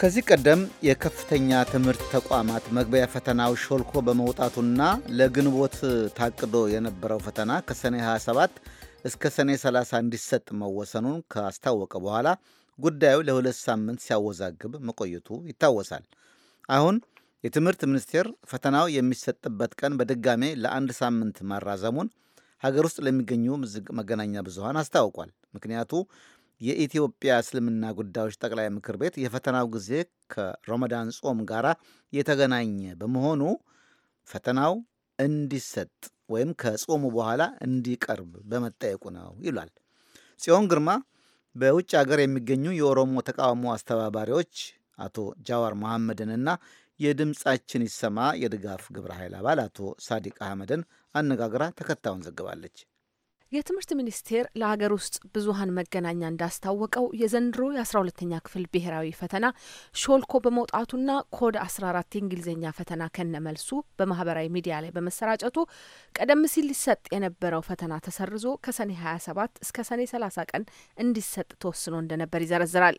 ከዚህ ቀደም የከፍተኛ ትምህርት ተቋማት መግቢያ ፈተናው ሾልኮ በመውጣቱና ለግንቦት ታቅዶ የነበረው ፈተና ከሰኔ 27 እስከ ሰኔ 30 እንዲሰጥ መወሰኑን ካስታወቀ በኋላ ጉዳዩ ለሁለት ሳምንት ሲያወዛግብ መቆየቱ ይታወሳል። አሁን የትምህርት ሚኒስቴር ፈተናው የሚሰጥበት ቀን በድጋሜ ለአንድ ሳምንት ማራዘሙን ሀገር ውስጥ ለሚገኙ መገናኛ ብዙሃን አስታውቋል። ምክንያቱ የኢትዮጵያ እስልምና ጉዳዮች ጠቅላይ ምክር ቤት የፈተናው ጊዜ ከሮመዳን ጾም ጋር የተገናኘ በመሆኑ ፈተናው እንዲሰጥ ወይም ከጾሙ በኋላ እንዲቀርብ በመጠየቁ ነው ይሏል። ጽዮን ግርማ በውጭ ሀገር የሚገኙ የኦሮሞ ተቃውሞ አስተባባሪዎች አቶ ጃዋር መሐመድንና የድምፃችን ይሰማ የድጋፍ ግብረ ኃይል አባል አቶ ሳዲቅ አህመድን አነጋግራ ተከታዩን ዘግባለች። የትምህርት ሚኒስቴር ለሀገር ውስጥ ብዙሀን መገናኛ እንዳስታወቀው የዘንድሮ የአስራ ሁለተኛ ክፍል ብሔራዊ ፈተና ሾልኮ በመውጣቱና ኮድ አስራ አራት የእንግሊዝኛ ፈተና ከነመልሱ በማህበራዊ ሚዲያ ላይ በመሰራጨቱ ቀደም ሲል ሊሰጥ የነበረው ፈተና ተሰርዞ ከሰኔ ሀያ ሰባት እስከ ሰኔ ሰላሳ ቀን እንዲሰጥ ተወስኖ እንደነበር ይዘረዝራል።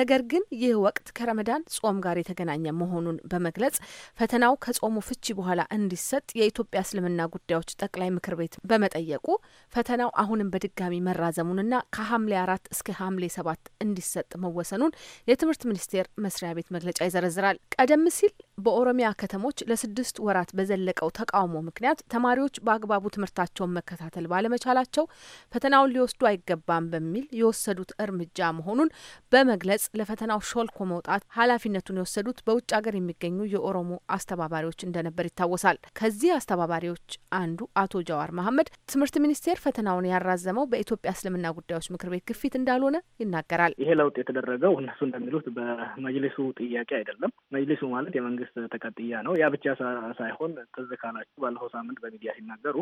ነገር ግን ይህ ወቅት ከረመዳን ጾም ጋር የተገናኘ መሆኑን በመግለጽ ፈተናው ከጾሙ ፍቺ በኋላ እንዲሰጥ የኢትዮጵያ እስልምና ጉዳዮች ጠቅላይ ምክር ቤት በመጠየቁ ፈተናው አሁንም በድጋሚ መራዘሙንና ከሐምሌ አራት እስከ ሐምሌ ሰባት እንዲሰጥ መወሰኑን የትምህርት ሚኒስቴር መስሪያ ቤት መግለጫ ይዘረዝራል። ቀደም ሲል በኦሮሚያ ከተሞች ለስድስት ወራት በዘለቀው ተቃውሞ ምክንያት ተማሪዎች በአግባቡ ትምህርታቸውን መከታተል ባለመቻላቸው ፈተናውን ሊወስዱ አይገባም በሚል የወሰዱት እርምጃ መሆኑን በመግለጽ ለፈተናው ሾልኮ መውጣት ኃላፊነቱን የወሰዱት በውጭ ሀገር የሚገኙ የኦሮሞ አስተባባሪዎች እንደነበር ይታወሳል። ከዚህ አስተባባሪዎች አንዱ አቶ ጃዋር መሀመድ ትምህርት ሚኒስቴር ፈተናውን ያራዘመው በኢትዮጵያ እስልምና ጉዳዮች ምክር ቤት ግፊት እንዳልሆነ ይናገራል። ይሄ ለውጥ የተደረገው እነሱ እንደሚሉት በመጅሊሱ ጥያቄ አይደለም። መጅሊሱ ማለት የመንግስት ተቀጥያ ነው። ያ ብቻ ሳይሆን ትዝ ካላችሁ ባለፈው ሳምንት በሚዲያ ሲናገሩ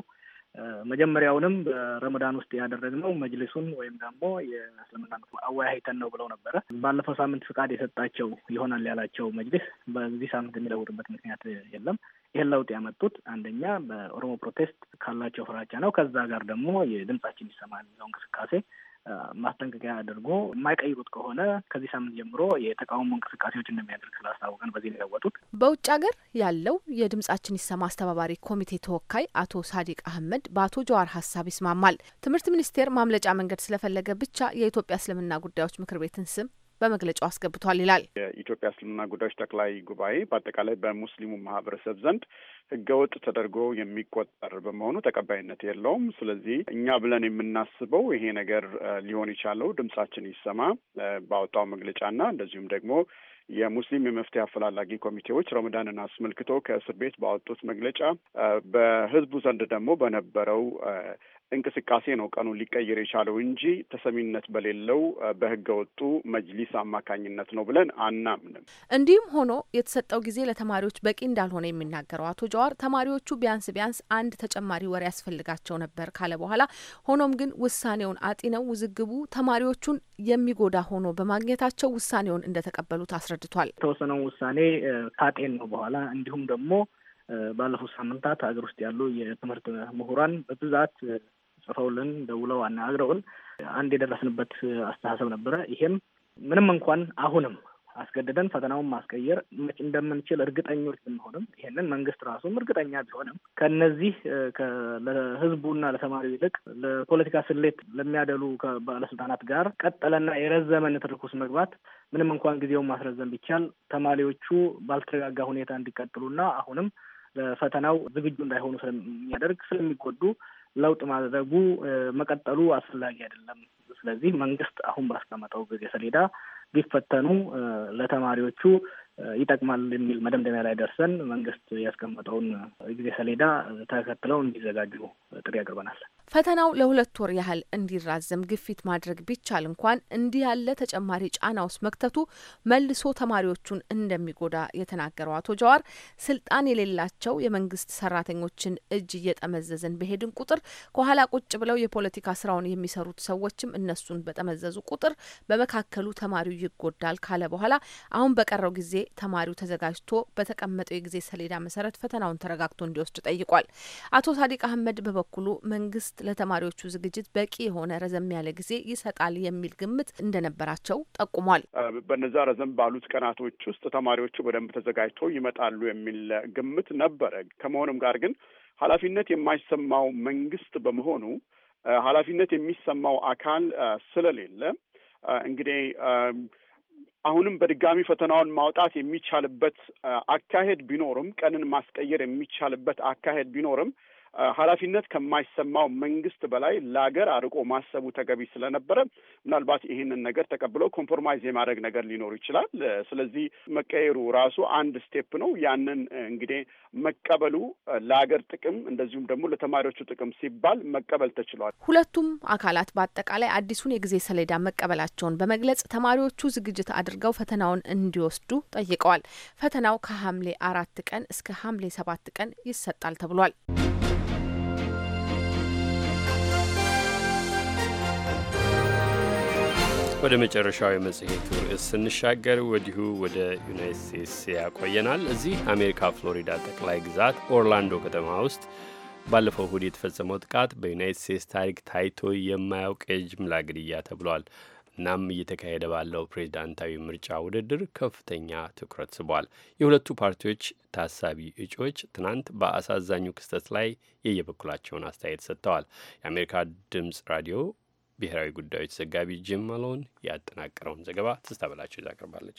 መጀመሪያውንም በረመዳን ውስጥ ያደረግነው መጅልሱን ወይም ደግሞ የእስልምና አወያይተን ነው ብለው ነበረ። ባለፈው ሳምንት ፍቃድ የሰጣቸው ይሆናል ያላቸው መጅልስ በዚህ ሳምንት የሚለውጥበት ምክንያት የለም። ይህን ለውጥ ያመጡት አንደኛ በኦሮሞ ፕሮቴስት ካላቸው ፍራቻ ነው። ከዛ ጋር ደግሞ የድምጻችን ይሰማል የሚለው እንቅስቃሴ ማስጠንቀቂያ አድርጎ የማይቀይሩት ከሆነ ከዚህ ሳምንት ጀምሮ የተቃውሞ እንቅስቃሴዎች እንደሚያደርግ ስላስታወቀን በዚህ ለወጡት። በውጭ ሀገር ያለው የድምጻችን ይሰማ አስተባባሪ ኮሚቴ ተወካይ አቶ ሳዲቅ አህመድ በአቶ ጀዋር ሀሳብ ይስማማል። ትምህርት ሚኒስቴር ማምለጫ መንገድ ስለፈለገ ብቻ የኢትዮጵያ እስልምና ጉዳዮች ምክር ቤትን ስም በመግለጫው አስገብቷል ይላል። የኢትዮጵያ እስልምና ጉዳዮች ጠቅላይ ጉባኤ በአጠቃላይ በሙስሊሙ ማህበረሰብ ዘንድ ህገወጥ ተደርጎ የሚቆጠር በመሆኑ ተቀባይነት የለውም። ስለዚህ እኛ ብለን የምናስበው ይሄ ነገር ሊሆን የቻለው ድምጻችን ይሰማ ባወጣው መግለጫና እንደዚሁም ደግሞ የሙስሊም የመፍትሄ አፈላላጊ ኮሚቴዎች ረመዳንን አስመልክቶ ከእስር ቤት ባወጡት መግለጫ በህዝቡ ዘንድ ደግሞ በነበረው እንቅስቃሴ ነው ቀኑን ሊቀይር የቻለው እንጂ ተሰሚነት በሌለው በህገ ወጡ መጅሊስ አማካኝነት ነው ብለን አናምንም። እንዲህም ሆኖ የተሰጠው ጊዜ ለተማሪዎች በቂ እንዳልሆነ የሚናገረው አቶ ጀዋር ተማሪዎቹ ቢያንስ ቢያንስ አንድ ተጨማሪ ወር ያስፈልጋቸው ነበር ካለ በኋላ ሆኖም ግን ውሳኔውን አጢነው ውዝግቡ ተማሪዎቹን የሚጎዳ ሆኖ በማግኘታቸው ውሳኔውን እንደተቀበሉት አስረድቷል። የተወሰነውን ውሳኔ ካጤን ነው በኋላ እንዲሁም ደግሞ ባለፉት ሳምንታት ሀገር ውስጥ ያሉ የትምህርት ምሁራን በብዛት ጽፈውልን ደውለው አነጋግረውን አንድ የደረስንበት አስተሳሰብ ነበረ። ይሄም ምንም እንኳን አሁንም አስገድደን ፈተናውን ማስቀየር እንደምንችል እርግጠኞች ብንሆንም ይሄንን መንግስት ራሱም እርግጠኛ ቢሆንም ከነዚህ ለህዝቡና ለተማሪው ይልቅ ለፖለቲካ ስሌት ለሚያደሉ ከባለስልጣናት ጋር ቀጠለና የረዘመ ትርኩስ መግባት ምንም እንኳን ጊዜውን ማስረዘም ቢቻል ተማሪዎቹ ባልተረጋጋ ሁኔታ እንዲቀጥሉና አሁንም ለፈተናው ዝግጁ እንዳይሆኑ ስለሚያደርግ ስለሚጎዱ ለውጥ ማድረጉ መቀጠሉ አስፈላጊ አይደለም። ስለዚህ መንግስት አሁን ባስቀመጠው ጊዜ ሰሌዳ ቢፈተኑ ለተማሪዎቹ ይጠቅማል የሚል መደምደሚያ ላይ ደርሰን መንግስት ያስቀመጠውን ጊዜ ሰሌዳ ተከትለው እንዲዘጋጁ ጥሪ ያቅርበናል። ፈተናው ለሁለት ወር ያህል እንዲራዘም ግፊት ማድረግ ቢቻል እንኳን እንዲህ ያለ ተጨማሪ ጫና ውስጥ መክተቱ መልሶ ተማሪዎቹን እንደሚጎዳ የተናገረው አቶ ጀዋር ስልጣን የሌላቸው የመንግስት ሰራተኞችን እጅ እየጠመዘዝን በሄድን ቁጥር ከኋላ ቁጭ ብለው የፖለቲካ ስራውን የሚሰሩት ሰዎችም እነሱን በጠመዘዙ ቁጥር በመካከሉ ተማሪው ይጎዳል ካለ በኋላ አሁን በቀረው ጊዜ ተማሪው ተዘጋጅቶ በተቀመጠው የጊዜ ሰሌዳ መሰረት ፈተናውን ተረጋግቶ እንዲወስድ ጠይቋል። አቶ ሳዲቅ አህመድ በበኩሉ መንግስት ለተማሪዎቹ ዝግጅት በቂ የሆነ ረዘም ያለ ጊዜ ይሰጣል የሚል ግምት እንደነበራቸው ጠቁሟል። በነዛ ረዘም ባሉት ቀናቶች ውስጥ ተማሪዎቹ በደንብ ተዘጋጅቶ ይመጣሉ የሚል ግምት ነበረ። ከመሆኑም ጋር ግን ኃላፊነት የማይሰማው መንግስት በመሆኑ ኃላፊነት የሚሰማው አካል ስለሌለ እንግዲህ አሁንም በድጋሚ ፈተናውን ማውጣት የሚቻልበት አካሄድ ቢኖርም፣ ቀንን ማስቀየር የሚቻልበት አካሄድ ቢኖርም ኃላፊነት ከማይሰማው መንግስት በላይ ለሀገር አርቆ ማሰቡ ተገቢ ስለነበረ ምናልባት ይህንን ነገር ተቀብለው ኮምፕሮማይዝ የማድረግ ነገር ሊኖሩ ይችላል። ስለዚህ መቀየሩ ራሱ አንድ ስቴፕ ነው። ያንን እንግዲህ መቀበሉ ለሀገር ጥቅም እንደዚሁም ደግሞ ለተማሪዎቹ ጥቅም ሲባል መቀበል ተችሏል። ሁለቱም አካላት በአጠቃላይ አዲሱን የጊዜ ሰሌዳ መቀበላቸውን በመግለጽ ተማሪዎቹ ዝግጅት አድርገው ፈተናውን እንዲወስዱ ጠይቀዋል። ፈተናው ከሐምሌ አራት ቀን እስከ ሐምሌ ሰባት ቀን ይሰጣል ተብሏል። ወደ መጨረሻው የመጽሔቱ ርዕስ ስንሻገር ወዲሁ ወደ ዩናይት ስቴትስ ያቆየናል። እዚህ አሜሪካ ፍሎሪዳ ጠቅላይ ግዛት ኦርላንዶ ከተማ ውስጥ ባለፈው እሁድ የተፈጸመው ጥቃት በዩናይት ስቴትስ ታሪክ ታይቶ የማያውቅ የጅምላ ግድያ ተብሏል። እናም እየተካሄደ ባለው ፕሬዝዳንታዊ ምርጫ ውድድር ከፍተኛ ትኩረት ስቧል። የሁለቱ ፓርቲዎች ታሳቢ እጩዎች ትናንት በአሳዛኙ ክስተት ላይ የየበኩላቸውን አስተያየት ሰጥተዋል። የአሜሪካ ድምፅ ራዲዮ ብሔራዊ ጉዳዮች ዘጋቢ ጅም ማሎን ያጠናቀረውን ዘገባ ትስታ በላቸው ይዛ ቀርባለች።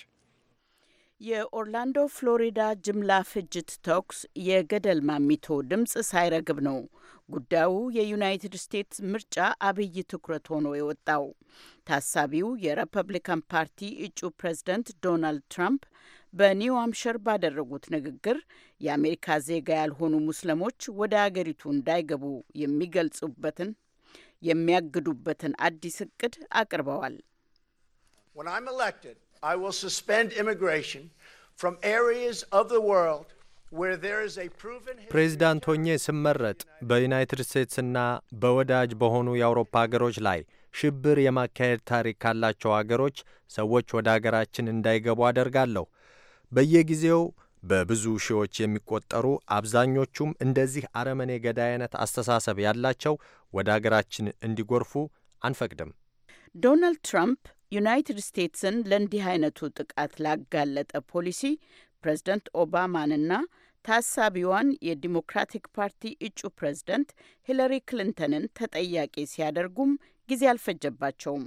የኦርላንዶ ፍሎሪዳ ጅምላ ፍጅት ተኩስ የገደል ማሚቶ ድምፅ ሳይረግብ ነው ጉዳዩ የዩናይትድ ስቴትስ ምርጫ አብይ ትኩረት ሆኖ የወጣው። ታሳቢው የሪፐብሊካን ፓርቲ እጩ ፕሬዝደንት ዶናልድ ትራምፕ በኒው ሃምሽር ባደረጉት ንግግር የአሜሪካ ዜጋ ያልሆኑ ሙስሊሞች ወደ አገሪቱ እንዳይገቡ የሚገልጹበትን የሚያግዱበትን አዲስ እቅድ አቅርበዋል። ፕሬዚዳንት ሆኜ ስመረጥ በዩናይትድ ስቴትስና በወዳጅ በሆኑ የአውሮፓ ሀገሮች ላይ ሽብር የማካሄድ ታሪክ ካላቸው አገሮች ሰዎች ወደ አገራችን እንዳይገቡ አደርጋለሁ። በየጊዜው በብዙ ሺዎች የሚቆጠሩ አብዛኞቹም እንደዚህ አረመኔ ገዳይ አይነት አስተሳሰብ ያላቸው ወደ አገራችን እንዲጎርፉ አንፈቅድም። ዶናልድ ትራምፕ ዩናይትድ ስቴትስን ለእንዲህ አይነቱ ጥቃት ላጋለጠ ፖሊሲ ፕሬዝደንት ኦባማንና ታሳቢዋን የዲሞክራቲክ ፓርቲ እጩ ፕሬዝደንት ሂለሪ ክሊንተንን ተጠያቂ ሲያደርጉም ጊዜ አልፈጀባቸውም።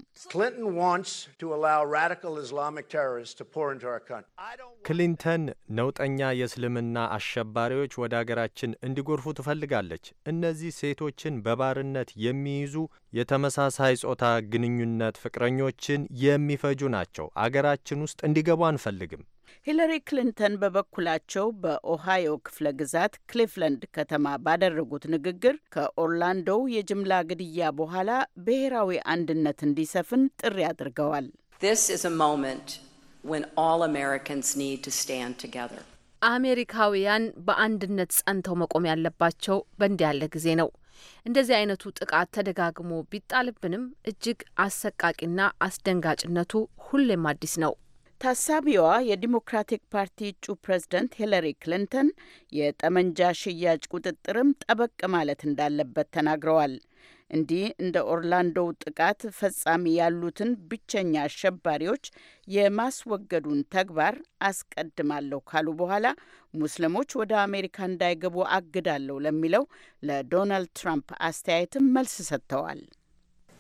ክሊንተን ነውጠኛ የእስልምና አሸባሪዎች ወደ አገራችን እንዲጎርፉ ትፈልጋለች። እነዚህ ሴቶችን በባርነት የሚይዙ የተመሳሳይ ጾታ ግንኙነት ፍቅረኞችን የሚፈጁ ናቸው። አገራችን ውስጥ እንዲገቡ አንፈልግም። ሂለሪ ክሊንተን በበኩላቸው በኦሃዮ ክፍለ ግዛት ክሊፍለንድ ከተማ ባደረጉት ንግግር ከኦርላንዶው የጅምላ ግድያ በኋላ ብሔራዊ አንድነት እንዲሰፍን ጥሪ አድርገዋል። አሜሪካውያን በአንድነት ጸንተው መቆም ያለባቸው በእንዲህ ያለ ጊዜ ነው። እንደዚህ አይነቱ ጥቃት ተደጋግሞ ቢጣልብንም እጅግ አሰቃቂና አስደንጋጭነቱ ሁሌም አዲስ ነው። ታሳቢዋ የዲሞክራቲክ ፓርቲ እጩ ፕሬዝደንት ሂለሪ ክሊንተን የጠመንጃ ሽያጭ ቁጥጥርም ጠበቅ ማለት እንዳለበት ተናግረዋል። እንዲህ እንደ ኦርላንዶው ጥቃት ፈጻሚ ያሉትን ብቸኛ አሸባሪዎች የማስወገዱን ተግባር አስቀድማለሁ ካሉ በኋላ ሙስሊሞች ወደ አሜሪካ እንዳይገቡ አግዳለሁ ለሚለው ለዶናልድ ትራምፕ አስተያየትም መልስ ሰጥተዋል።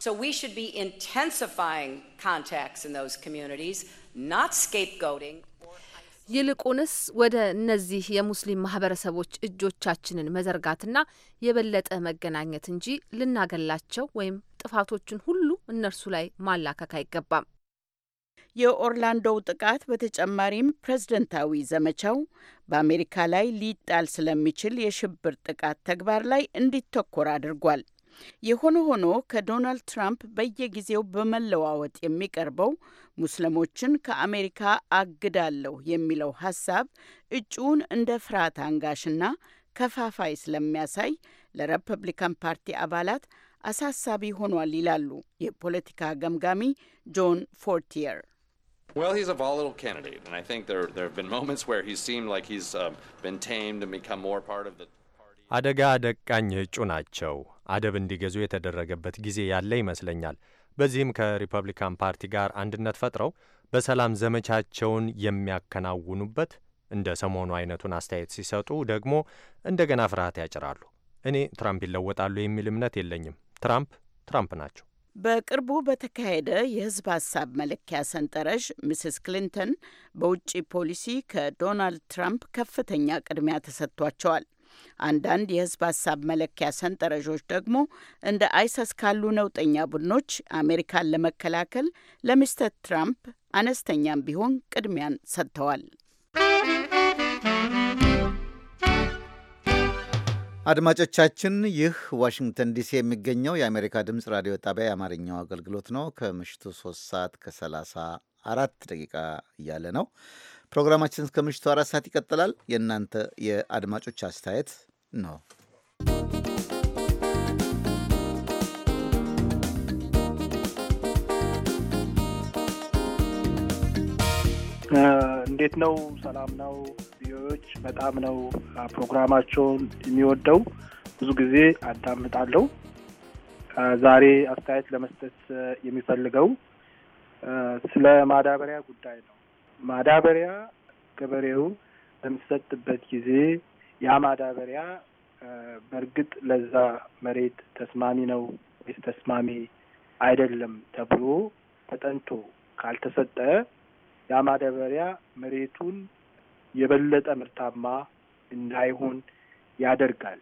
So we should be intensifying contacts in those communities, not scapegoating. ይልቁንስ ወደ እነዚህ የሙስሊም ማህበረሰቦች እጆቻችንን መዘርጋትና የበለጠ መገናኘት እንጂ ልናገላቸው ወይም ጥፋቶችን ሁሉ እነርሱ ላይ ማላከክ አይገባም። የኦርላንዶው ጥቃት በተጨማሪም ፕሬዝደንታዊ ዘመቻው በአሜሪካ ላይ ሊጣል ስለሚችል የሽብር ጥቃት ተግባር ላይ እንዲተኮር አድርጓል። የሆነ ሆኖ ከዶናልድ ትራምፕ በየጊዜው በመለዋወጥ የሚቀርበው ሙስሊሞችን ከአሜሪካ አግዳለሁ የሚለው ሀሳብ እጩውን እንደ ፍርሃት አንጋሽና ከፋፋይ ስለሚያሳይ ለሪፐብሊካን ፓርቲ አባላት አሳሳቢ ሆኗል ይላሉ የፖለቲካ ገምጋሚ ጆን ፎርቲየር። Well, he's a volatile candidate, and I think there there have been moments where seemed like he's um, been tamed and become more part of the party. አደጋ ደቃኝ እጩ ናቸው። አደብ እንዲገዙ የተደረገበት ጊዜ ያለ ይመስለኛል። በዚህም ከሪፐብሊካን ፓርቲ ጋር አንድነት ፈጥረው በሰላም ዘመቻቸውን የሚያከናውኑበት እንደ ሰሞኑ አይነቱን አስተያየት ሲሰጡ ደግሞ እንደገና ፍርሃት ያጭራሉ። እኔ ትራምፕ ይለወጣሉ የሚል እምነት የለኝም። ትራምፕ ትራምፕ ናቸው። በቅርቡ በተካሄደ የህዝብ ሀሳብ መለኪያ ሰንጠረዥ ሚስስ ክሊንተን በውጭ ፖሊሲ ከዶናልድ ትራምፕ ከፍተኛ ቅድሚያ ተሰጥቷቸዋል። አንዳንድ የህዝብ ሀሳብ መለኪያ ሰንጠረዦች ደግሞ እንደ አይሰስ ካሉ ነውጠኛ ቡድኖች አሜሪካን ለመከላከል ለሚስተር ትራምፕ አነስተኛም ቢሆን ቅድሚያን ሰጥተዋል። አድማጮቻችን፣ ይህ ዋሽንግተን ዲሲ የሚገኘው የአሜሪካ ድምፅ ራዲዮ ጣቢያ የአማርኛው አገልግሎት ነው። ከምሽቱ 3 ሰዓት ከ34 ደቂቃ እያለ ነው። ፕሮግራማችን እስከ ምሽቱ አራት ሰዓት ይቀጥላል። የእናንተ የአድማጮች አስተያየት ነው። እንዴት ነው? ሰላም ነው? ቪዲዮዎች በጣም ነው ፕሮግራማቸውን የሚወደው ብዙ ጊዜ አዳምጣለሁ። ዛሬ አስተያየት ለመስጠት የሚፈልገው ስለ ማዳበሪያ ጉዳይ ነው። ማዳበሪያ ገበሬው በሚሰጥበት ጊዜ ያ ማዳበሪያ በእርግጥ ለዛ መሬት ተስማሚ ነው ወይስ ተስማሚ አይደለም ተብሎ ተጠንቶ ካልተሰጠ ያ ማዳበሪያ መሬቱን የበለጠ ምርታማ እንዳይሆን ያደርጋል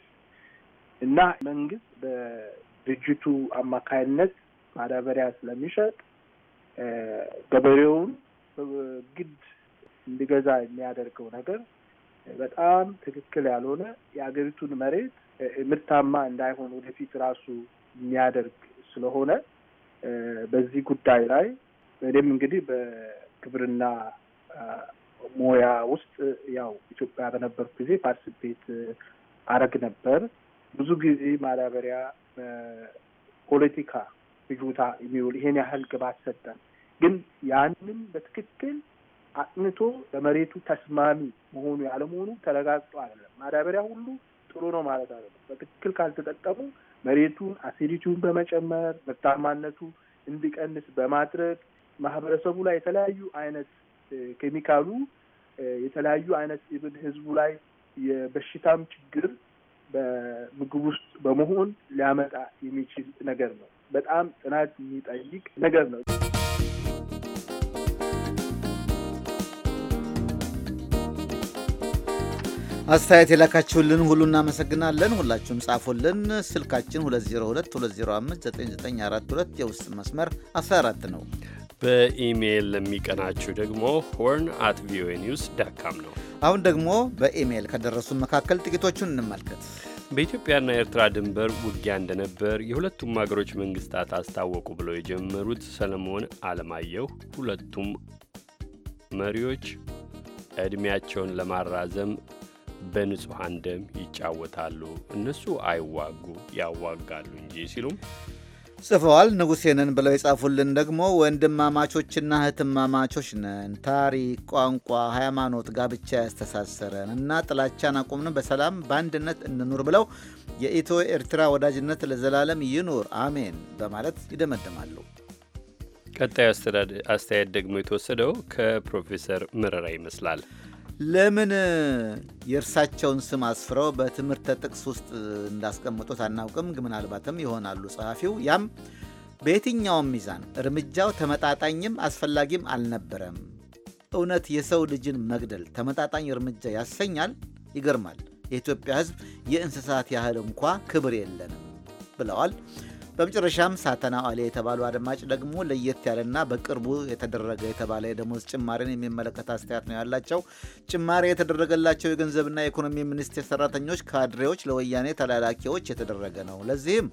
እና መንግስት በድርጅቱ አማካይነት ማዳበሪያ ስለሚሸጥ ገበሬውን በግድ እንዲገዛ የሚያደርገው ነገር በጣም ትክክል ያልሆነ የሀገሪቱን መሬት ምርታማ እንዳይሆን ወደፊት ራሱ የሚያደርግ ስለሆነ በዚህ ጉዳይ ላይ እኔም እንግዲህ በግብርና ሙያ ውስጥ ያው ኢትዮጵያ በነበርኩ ጊዜ ፓርቲስፔት አረግ ነበር። ብዙ ጊዜ ማዳበሪያ ፖለቲካ ፍጆታ የሚውል ይሄን ያህል ግብዓት ሰጠን ግን ያንን በትክክል አጥንቶ ለመሬቱ ተስማሚ መሆኑ ያለመሆኑ ተረጋግጦ አይደለም። ማዳበሪያ ሁሉ ጥሩ ነው ማለት አይደለም። በትክክል ካልተጠቀሙ መሬቱን አሲዲቲውን በመጨመር ምርታማነቱ እንዲቀንስ በማድረግ ማህበረሰቡ ላይ የተለያዩ አይነት ኬሚካሉ የተለያዩ አይነት ኢብን ህዝቡ ላይ የበሽታም ችግር በምግብ ውስጥ በመሆን ሊያመጣ የሚችል ነገር ነው። በጣም ጥናት የሚጠይቅ ነገር ነው። አስተያየት የላካችሁልን ሁሉ እናመሰግናለን። ሁላችሁም ጻፉልን። ስልካችን 2022059942 የውስጥ መስመር 14 ነው። በኢሜይል ለሚቀናችሁ ደግሞ ሆርን አት ቪኦኤ ኒውስ ዳካም ነው። አሁን ደግሞ በኢሜይል ከደረሱን መካከል ጥቂቶቹን እንመልከት። በኢትዮጵያና ኤርትራ ድንበር ውጊያ እንደነበር የሁለቱም አገሮች መንግስታት አስታወቁ ብለው የጀመሩት ሰለሞን አለማየሁ ሁለቱም መሪዎች ዕድሜያቸውን ለማራዘም በንጹሐን ደም ይጫወታሉ። እነሱ አይዋጉ ያዋጋሉ እንጂ ሲሉም ጽፈዋል። ንጉሴንን ብለው የጻፉልን ደግሞ ወንድማማቾችና እህትማማቾች ነን። ታሪክ፣ ቋንቋ፣ ሃይማኖት፣ ጋብቻ ያስተሳሰረን እና ጥላቻን አቁምን በሰላም በአንድነት እንኑር ብለው የኢትዮ ኤርትራ ወዳጅነት ለዘላለም ይኑር አሜን በማለት ይደመድማሉ። ቀጣዩ አስተያየት ደግሞ የተወሰደው ከፕሮፌሰር መረራ ይመስላል። ለምን የእርሳቸውን ስም አስፍረው በትምህርተ ጥቅስ ውስጥ እንዳስቀምጡት አናውቅም። ምናልባትም ይሆናሉ ጸሐፊው። ያም በየትኛውም ሚዛን እርምጃው ተመጣጣኝም አስፈላጊም አልነበረም። እውነት የሰው ልጅን መግደል ተመጣጣኝ እርምጃ ያሰኛል? ይገርማል። የኢትዮጵያ ሕዝብ የእንስሳት ያህል እንኳ ክብር የለንም ብለዋል። በመጨረሻም ሳተና ዋሌ የተባሉ አድማጭ ደግሞ ለየት ያለና በቅርቡ የተደረገ የተባለ የደሞዝ ጭማሪን የሚመለከት አስተያየት ነው ያላቸው። ጭማሪ የተደረገላቸው የገንዘብና የኢኮኖሚ ሚኒስቴር ሰራተኞች፣ ካድሬዎች፣ ለወያኔ ተላላኪዎች የተደረገ ነው። ለዚህም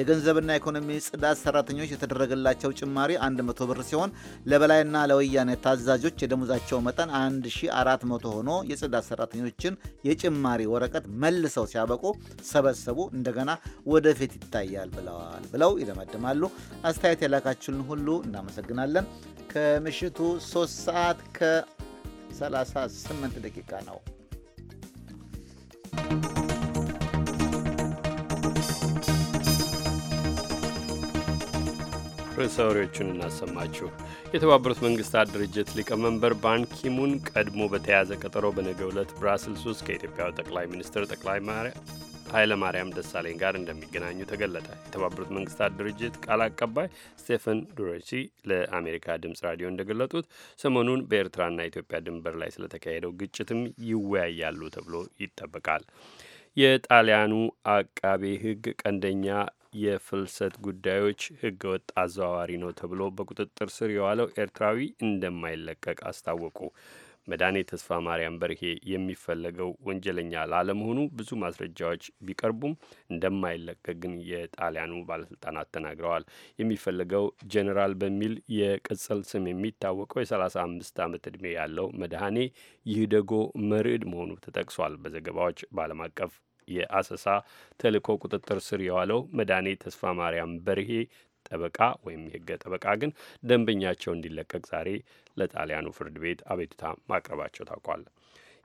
የገንዘብና ኢኮኖሚ ጽዳት ሰራተኞች የተደረገላቸው ጭማሪ 100 ብር ሲሆን ለበላይና ለወያኔ ታዛዦች የደሞዛቸው መጠን 1400 ሆኖ የጽዳት ሰራተኞችን የጭማሪ ወረቀት መልሰው ሲያበቁ ሰበሰቡ። እንደገና ወደፊት ይታያል ብለዋል። ብለው ይደመድማሉ። አስተያየት የላካችሁን ሁሉ እናመሰግናለን። ከምሽቱ 3 ሰዓት ከ38 ደቂቃ ነው። ርዕሰ ወሬዎቹን እናሰማችሁ። የተባበሩት መንግስታት ድርጅት ሊቀመንበር ባንኪሙን ቀድሞ በተያዘ ቀጠሮ በነገ ዕለት ብራስልስ ውስጥ ከኢትዮጵያው ጠቅላይ ሚኒስትር ኃይለማርያም ደሳለኝ ጋር እንደሚገናኙ ተገለጠ። የተባበሩት መንግስታት ድርጅት ቃል አቀባይ ስቴፈን ዱሮሲ ለአሜሪካ ድምፅ ራዲዮ እንደገለጡት ሰሞኑን በኤርትራና ኢትዮጵያ ድንበር ላይ ስለተካሄደው ግጭትም ይወያያሉ ተብሎ ይጠበቃል። የጣሊያኑ አቃቤ ሕግ ቀንደኛ የፍልሰት ጉዳዮች ህገወጥ አዘዋዋሪ ነው ተብሎ በቁጥጥር ስር የዋለው ኤርትራዊ እንደማይለቀቅ አስታወቁ። መድኃኔ ተስፋ ማርያም በርሄ የሚፈለገው ወንጀለኛ ላለመሆኑ ብዙ ማስረጃዎች ቢቀርቡም እንደማይለቀቅ ግን የጣሊያኑ ባለስልጣናት ተናግረዋል። የሚፈለገው ጄኔራል በሚል የቅጽል ስም የሚታወቀው የ35 ዓመት ዕድሜ ያለው መድኃኔ ይህ ደጎ መርዕድ መሆኑ ተጠቅሷል። በዘገባዎች በዓለም አቀፍ የአሰሳ ተልእኮ ቁጥጥር ስር የዋለው መድኃኔ ተስፋ ማርያም በርሄ ጠበቃ ወይም የህገ ጠበቃ ግን ደንበኛቸው እንዲለቀቅ ዛሬ ለጣሊያኑ ፍርድ ቤት አቤቱታ ማቅረባቸው ታውቋል።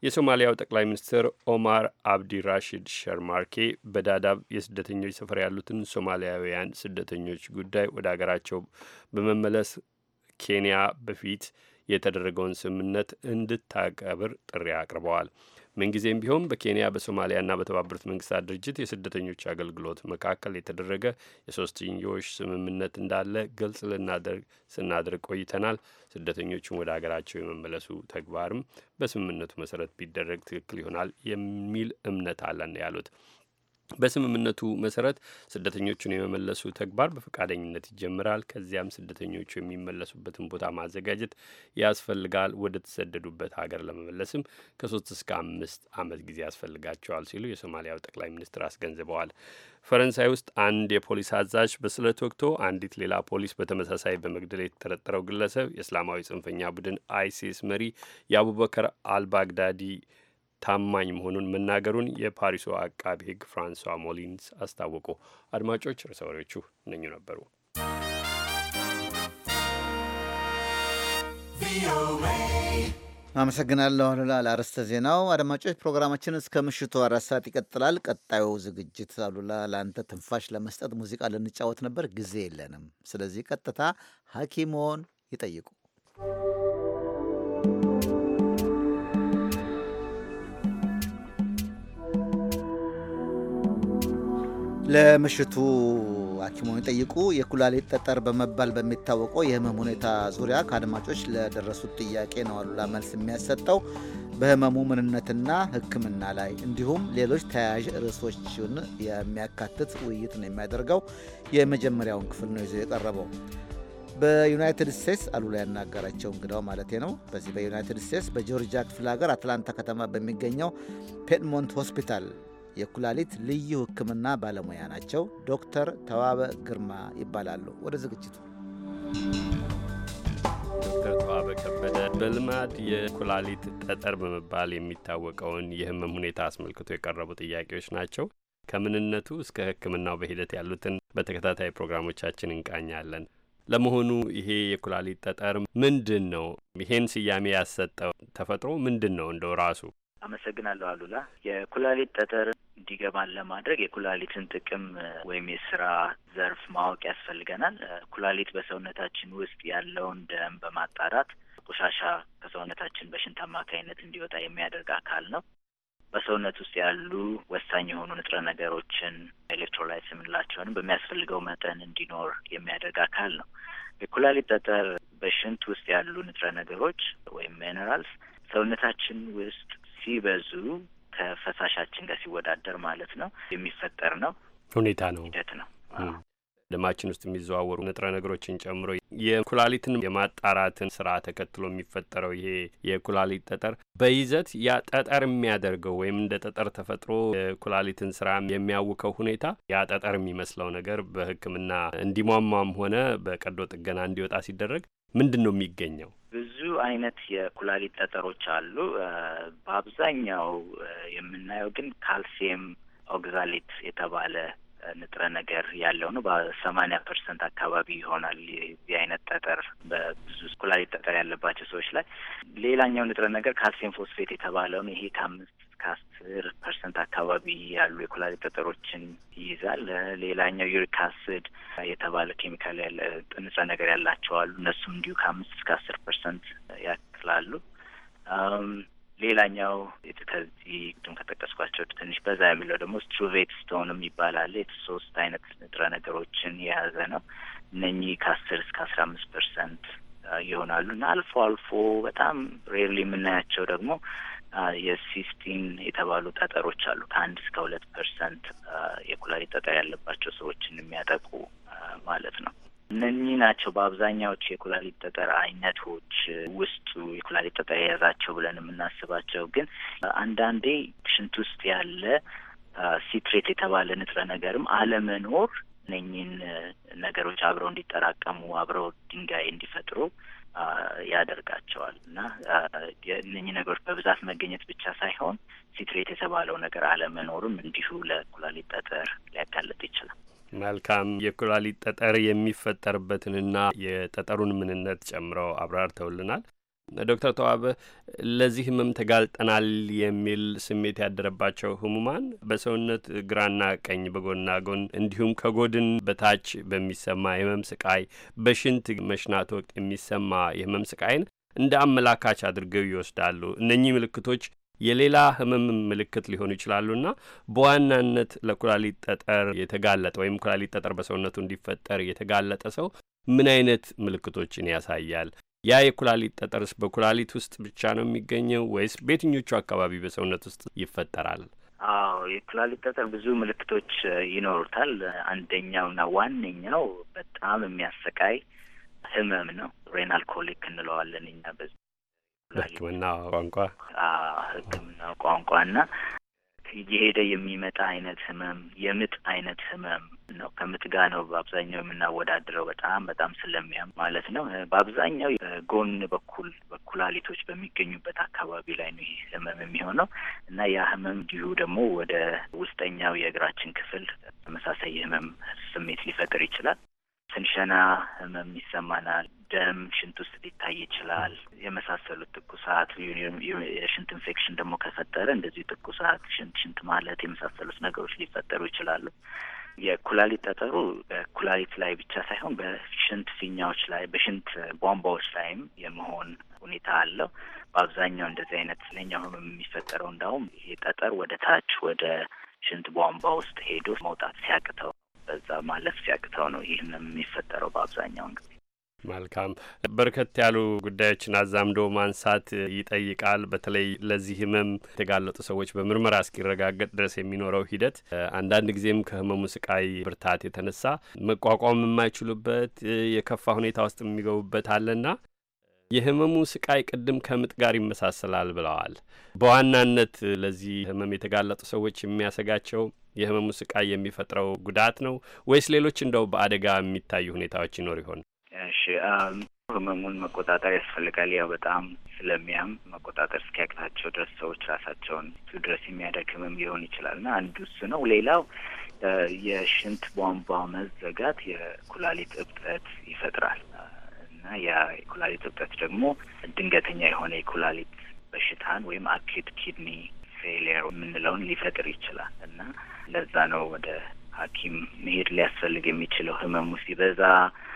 የሶማሊያው ጠቅላይ ሚኒስትር ኦማር አብዲ ራሺድ ሸርማርኬ በዳዳብ የስደተኞች ሰፈር ያሉትን ሶማሊያውያን ስደተኞች ጉዳይ ወደ አገራቸው በመመለስ ኬንያ በፊት የተደረገውን ስምምነት እንድታቀብር ጥሪ አቅርበዋል። ምንጊዜም ቢሆን በኬንያ በሶማሊያና በተባበሩት መንግስታት ድርጅት የስደተኞች አገልግሎት መካከል የተደረገ የሶስትዮሽ ስምምነት እንዳለ ግልጽ ልናደርግ ስናደርግ ቆይተናል። ስደተኞቹን ወደ ሀገራቸው የመመለሱ ተግባርም በስምምነቱ መሰረት ቢደረግ ትክክል ይሆናል የሚል እምነት አለን ያሉት በስምምነቱ መሰረት ስደተኞቹን የመመለሱ ተግባር በፈቃደኝነት ይጀምራል። ከዚያም ስደተኞቹ የሚመለሱበትን ቦታ ማዘጋጀት ያስፈልጋል። ወደ ተሰደዱበት ሀገር ለመመለስም ከሶስት እስከ አምስት ዓመት ጊዜ ያስፈልጋቸዋል ሲሉ የሶማሊያው ጠቅላይ ሚኒስትር አስገንዝበዋል። ፈረንሳይ ውስጥ አንድ የፖሊስ አዛዥ በስለት ወቅቶ አንዲት ሌላ ፖሊስ በተመሳሳይ በመግደል የተጠረጠረው ግለሰብ የእስላማዊ ጽንፈኛ ቡድን አይሲስ መሪ የአቡበከር አልባግዳዲ ታማኝ መሆኑን መናገሩን የፓሪሱ አቃቢ ሕግ ፍራንሷ ሞሊንስ አስታወቁ። አድማጮች ርዕሰ ወሬዎቹ እነኙ ነበሩ። አመሰግናለሁ አሉላ ለአርዕስተ ዜናው። አድማጮች ፕሮግራማችን እስከ ምሽቱ አራት ሰዓት ይቀጥላል። ቀጣዩ ዝግጅት አሉላ ለአንተ ትንፋሽ ለመስጠት ሙዚቃ ልንጫወት ነበር፣ ጊዜ የለንም። ስለዚህ ቀጥታ ሐኪሞን ይጠይቁ ለምሽቱ ሐኪሙን ይጠይቁ የኩላሊት ጠጠር በመባል በሚታወቀው የህመም ሁኔታ ዙሪያ ከአድማጮች ለደረሱት ጥያቄ ነው አሉላ መልስ የሚያሰጠው። በህመሙ ምንነትና ሕክምና ላይ እንዲሁም ሌሎች ተያያዥ ርዕሶችን የሚያካትት ውይይት ነው የሚያደርገው። የመጀመሪያውን ክፍል ነው ይዞ የቀረበው። በዩናይትድ ስቴትስ አሉላ ያናገራቸው እንግዳው ማለት ነው። በዚህ በዩናይትድ ስቴትስ በጆርጂያ ክፍለ ሀገር አትላንታ ከተማ በሚገኘው ፔድሞንት ሆስፒታል የኩላሊት ልዩ ሕክምና ባለሙያ ናቸው። ዶክተር ተዋበ ግርማ ይባላሉ። ወደ ዝግጅቱ ዶክተር ተዋበ ከበደ በልማድ የኩላሊት ጠጠር በመባል የሚታወቀውን የህመም ሁኔታ አስመልክቶ የቀረቡ ጥያቄዎች ናቸው። ከምንነቱ እስከ ህክምናው በሂደት ያሉትን በተከታታይ ፕሮግራሞቻችን እንቃኛለን። ለመሆኑ ይሄ የኩላሊት ጠጠር ምንድን ነው? ይሄን ስያሜ ያሰጠው ተፈጥሮ ምንድን ነው? እንደው ራሱ አመሰግናለሁ አሉላ። የኩላሊት ጠጠር እንዲገባን ለማድረግ የኩላሊትን ጥቅም ወይም የስራ ዘርፍ ማወቅ ያስፈልገናል። ኩላሊት በሰውነታችን ውስጥ ያለውን ደም በማጣራት ቆሻሻ ከሰውነታችን በሽንት አማካኝነት እንዲወጣ የሚያደርግ አካል ነው። በሰውነት ውስጥ ያሉ ወሳኝ የሆኑ ንጥረ ነገሮችን ኤሌክትሮላይትስ የምንላቸውንም በሚያስፈልገው መጠን እንዲኖር የሚያደርግ አካል ነው። የኩላሊት ጠጠር በሽንት ውስጥ ያሉ ንጥረ ነገሮች ወይም ሚነራልስ ሰውነታችን ውስጥ ሲበዙ ከፈሳሻችን ጋር ሲወዳደር ማለት ነው የሚፈጠር ነው ሁኔታ ነው ሂደት ነው። ደማችን ውስጥ የሚዘዋወሩ ንጥረ ነገሮችን ጨምሮ የኩላሊትን የማጣራትን ስራ ተከትሎ የሚፈጠረው ይሄ የኩላሊት ጠጠር በይዘት ያ ጠጠር የሚያደርገው ወይም እንደ ጠጠር ተፈጥሮ የኩላሊትን ስራ የሚያውከው ሁኔታ ያ ጠጠር የሚመስለው ነገር በሕክምና እንዲሟሟም ሆነ በቀዶ ጥገና እንዲወጣ ሲደረግ ምንድን ነው የሚገኘው? ብዙ አይነት የኩላሊት ጠጠሮች አሉ። በአብዛኛው የምናየው ግን ካልሲየም ኦግዛሊት የተባለ ንጥረ ነገር ያለው ነው። በሰማኒያ ፐርሰንት አካባቢ ይሆናል የዚህ አይነት ጠጠር በብዙ ኩላሊት ጠጠር ያለባቸው ሰዎች ላይ። ሌላኛው ንጥረ ነገር ካልሲየም ፎስፌት የተባለው ነው። ይሄ ከአምስት ከአስር ፐርሰንት አካባቢ ያሉ የኩላሊት ጠጠሮችን ይይዛል። ሌላኛው ዩሪክ አሲድ የተባለ ኬሚካል ያለ ንጥረ ነገር ያላቸው አሉ። እነሱም እንዲሁ ከአምስት እስከ አስር ፐርሰንት ያክላሉ። ሌላኛው ከዚህ ቅድም ከጠቀስኳቸው ትንሽ በዛ የሚለው ደግሞ ስትሩቬት ስቶንም ይባላል። የሶስት አይነት ንጥረ ነገሮችን የያዘ ነው። እነኚህ ከአስር እስከ አስራ አምስት ፐርሰንት ይሆናሉ እና አልፎ አልፎ በጣም ሬርሊ የምናያቸው ደግሞ የሲስቲን የተባሉ ጠጠሮች አሉ። ከአንድ እስከ ሁለት ፐርሰንት የኩላሊት ጠጠር ያለባቸው ሰዎችን የሚያጠቁ ማለት ነው። እነኚህ ናቸው በአብዛኛዎቹ የኩላሊት ጠጠር አይነቶች ውስጡ የኩላሊት ጠጠር የያዛቸው ብለን የምናስባቸው። ግን አንዳንዴ ሽንት ውስጥ ያለ ሲትሬት የተባለ ንጥረ ነገርም አለመኖር እነኝህን ነገሮች አብረው እንዲጠራቀሙ አብረው ድንጋይ እንዲፈጥሩ ያደርጋቸዋል እና እነኚህ ነገሮች በብዛት መገኘት ብቻ ሳይሆን ሲትሬት የተባለው ነገር አለመኖርም እንዲሁ ለኩላሊት ጠጠር ሊያጋለጥ ይችላል። መልካም። የኩላሊት ጠጠር የሚፈጠርበትንና የጠጠሩን ምንነት ጨምረው አብራርተውልናል። ዶክተር ተዋበ ለዚህ ህመም ተጋልጠናል የሚል ስሜት ያደረባቸው ህሙማን በሰውነት ግራና ቀኝ በጎና ጎን እንዲሁም ከጎድን በታች በሚሰማ የህመም ስቃይ፣ በሽንት መሽናት ወቅት የሚሰማ የህመም ስቃይን እንደ አመላካች አድርገው ይወስዳሉ። እነኚህ ምልክቶች የሌላ ህመም ምልክት ሊሆኑ ይችላሉና በዋናነት ለኩላሊት ጠጠር የተጋለጠ ወይም ኩላሊት ጠጠር በሰውነቱ እንዲፈጠር የተጋለጠ ሰው ምን አይነት ምልክቶችን ያሳያል? ያ የኩላሊት ጠጠርስ በኩላሊት ውስጥ ብቻ ነው የሚገኘው ወይስ በየትኞቹ አካባቢ በሰውነት ውስጥ ይፈጠራል? አዎ የኩላሊት ጠጠር ብዙ ምልክቶች ይኖሩታል። አንደኛውና ዋነኛው በጣም የሚያሰቃይ ህመም ነው። ሬናል ኮሊክ እንለዋለን እኛ በዚህ ሕክምና ቋንቋ ሕክምና ቋንቋና እየሄደ የሚመጣ አይነት ህመም የምጥ አይነት ህመም ነው። ከምጥ ጋር ነው በአብዛኛው የምናወዳድረው በጣም በጣም ስለሚያም ማለት ነው። በአብዛኛው ጎን በኩል በኩላሊቶች በሚገኙበት አካባቢ ላይ ነው ይህ ህመም የሚሆነው እና ያ ህመም እንዲሁ ደግሞ ወደ ውስጠኛው የእግራችን ክፍል ተመሳሳይ የህመም ስሜት ሊፈጥር ይችላል። የሸና ህመም ይሰማናል። ደም ሽንት ውስጥ ሊታይ ይችላል። የመሳሰሉት ትኩሳት፣ የሽንት ኢንፌክሽን ደግሞ ከፈጠረ እንደዚሁ ትኩሳት፣ ሽንት ሽንት ማለት የመሳሰሉት ነገሮች ሊፈጠሩ ይችላሉ። የኩላሊት ጠጠሩ በኩላሊት ላይ ብቻ ሳይሆን በሽንት ፊኛዎች ላይ፣ በሽንት ቧንቧዎች ላይም የመሆን ሁኔታ አለው። በአብዛኛው እንደዚህ አይነት ለኛው ሆኖ የሚፈጠረው እንዳውም ይሄ ጠጠር ወደ ታች ወደ ሽንት ቧንቧ ውስጥ ሄዶ መውጣት ሲያቅተው በዛ ማለፍ ሲያቅተው ነው ይህን የሚፈጠረው በአብዛኛው እንግዲህ። መልካም በርከት ያሉ ጉዳዮችን አዛምዶ ማንሳት ይጠይቃል። በተለይ ለዚህ ህመም የተጋለጡ ሰዎች በምርመራ እስኪረጋገጥ ድረስ የሚኖረው ሂደት አንዳንድ ጊዜም ከህመሙ ስቃይ ብርታት የተነሳ መቋቋም የማይችሉበት የከፋ ሁኔታ ውስጥ የሚገቡበት አለና የህመሙ ስቃይ ቅድም ከምጥ ጋር ይመሳሰላል ብለዋል። በዋናነት ለዚህ ህመም የተጋለጡ ሰዎች የሚያሰጋቸው የህመሙ ስቃይ የሚፈጥረው ጉዳት ነው ወይስ ሌሎች እንደው በአደጋ የሚታዩ ሁኔታዎች ይኖር ይሆን? እሺ ህመሙን መቆጣጠር ያስፈልጋል። ያው በጣም ስለሚያም መቆጣጠር እስኪያቅታቸው ድረስ ሰዎች ራሳቸውን ድረስ የሚያደርግ ህመም ሊሆን ይችላል እና አንዱ እሱ ነው። ሌላው የሽንት ቧንቧ መዘጋት የኩላሊት እብጠት ይፈጥራል እና ያ የኩላሊት እብጠት ደግሞ ድንገተኛ የሆነ የኩላሊት በሽታን ወይም አኪዩት ኪድኒ ፌሊየር የምንለውን ሊፈጥር ይችላል እና ለዛ ነው ወደ ሐኪም መሄድ ሊያስፈልግ የሚችለው ህመሙ ሲበዛ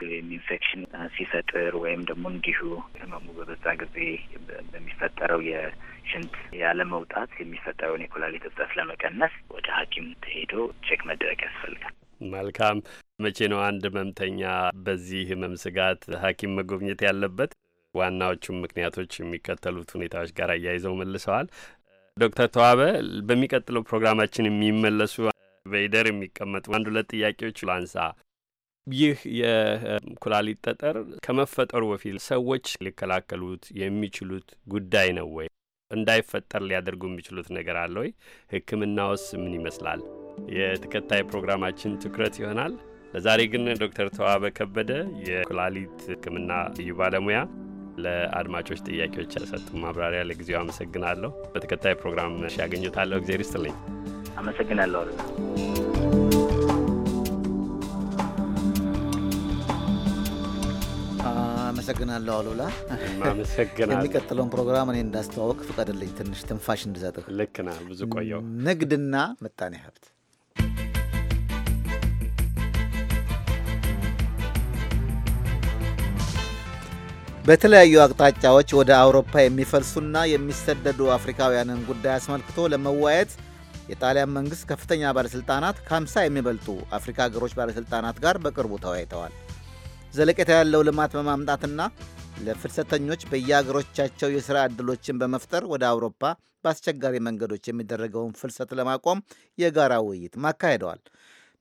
ወይም ኢንፌክሽን ሲፈጥር ወይም ደግሞ እንዲሁ ህመሙ በበዛ ጊዜ በሚፈጠረው የሽንት ያለመውጣት የሚፈጠረውን የኩላሊት እብጠት ለመቀነስ ወደ ሐኪም ተሄዶ ቼክ መደረግ ያስፈልጋል። መልካም። መቼ ነው አንድ ህመምተኛ በዚህ ህመም ስጋት ሐኪም መጎብኘት ያለበት? ዋናዎቹም ምክንያቶች የሚከተሉት ሁኔታዎች ጋር አያይዘው መልሰዋል። ዶክተር ተዋበ በሚቀጥለው ፕሮግራማችን የሚመለሱ በይደር የሚቀመጡ አንድ ሁለት ጥያቄዎች ላንሳ። ይህ የኩላሊት ጠጠር ከመፈጠሩ በፊት ሰዎች ሊከላከሉት የሚችሉት ጉዳይ ነው ወይ? እንዳይፈጠር ሊያደርጉ የሚችሉት ነገር አለ ወይ? ሕክምናውስ ምን ይመስላል? የተከታይ ፕሮግራማችን ትኩረት ይሆናል። ለዛሬ ግን ዶክተር ተዋበ ከበደ የኩላሊት ሕክምና ልዩ ባለሙያ ለአድማጮች ጥያቄዎች ያሰጡ ማብራሪያ ለጊዜው አመሰግናለሁ። በተከታይ ፕሮግራም ያገኙታለሁ። እግዜር ይስጥልኝ። አመሰግናለሁ። አመሰግናለሁ አሉላ። የሚቀጥለውን ፕሮግራም እኔ እንዳስተዋወቅ ፍቀድልኝ፣ ትንሽ ትንፋሽ እንድሰጥህ። ልክ ነህ። ብዙ ቆየው። ንግድና ምጣኔ ሀብት በተለያዩ አቅጣጫዎች ወደ አውሮፓ የሚፈልሱና የሚሰደዱ አፍሪካውያንን ጉዳይ አስመልክቶ ለመወያየት የጣሊያን መንግሥት ከፍተኛ ባለሥልጣናት ከ50 የሚበልጡ አፍሪካ ሀገሮች ባለሥልጣናት ጋር በቅርቡ ተወያይተዋል። ዘለቄታ ያለው ልማት በማምጣትና ለፍልሰተኞች በየሀገሮቻቸው የሥራ ዕድሎችን በመፍጠር ወደ አውሮፓ በአስቸጋሪ መንገዶች የሚደረገውን ፍልሰት ለማቆም የጋራ ውይይት ማካሄደዋል።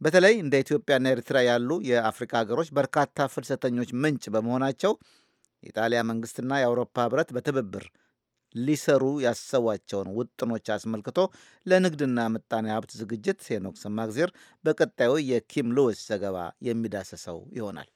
በተለይ እንደ ኢትዮጵያና ኤርትራ ያሉ የአፍሪካ ሀገሮች በርካታ ፍልሰተኞች ምንጭ በመሆናቸው የጣሊያ መንግስትና የአውሮፓ ህብረት በትብብር ሊሰሩ ያሰቧቸውን ውጥኖች አስመልክቶ ለንግድና ምጣኔ ሀብት ዝግጅት ሄኖክ ሰማግዜር በቀጣዩ የኪም ሉዊስ ዘገባ የሚዳሰሰው ይሆናል።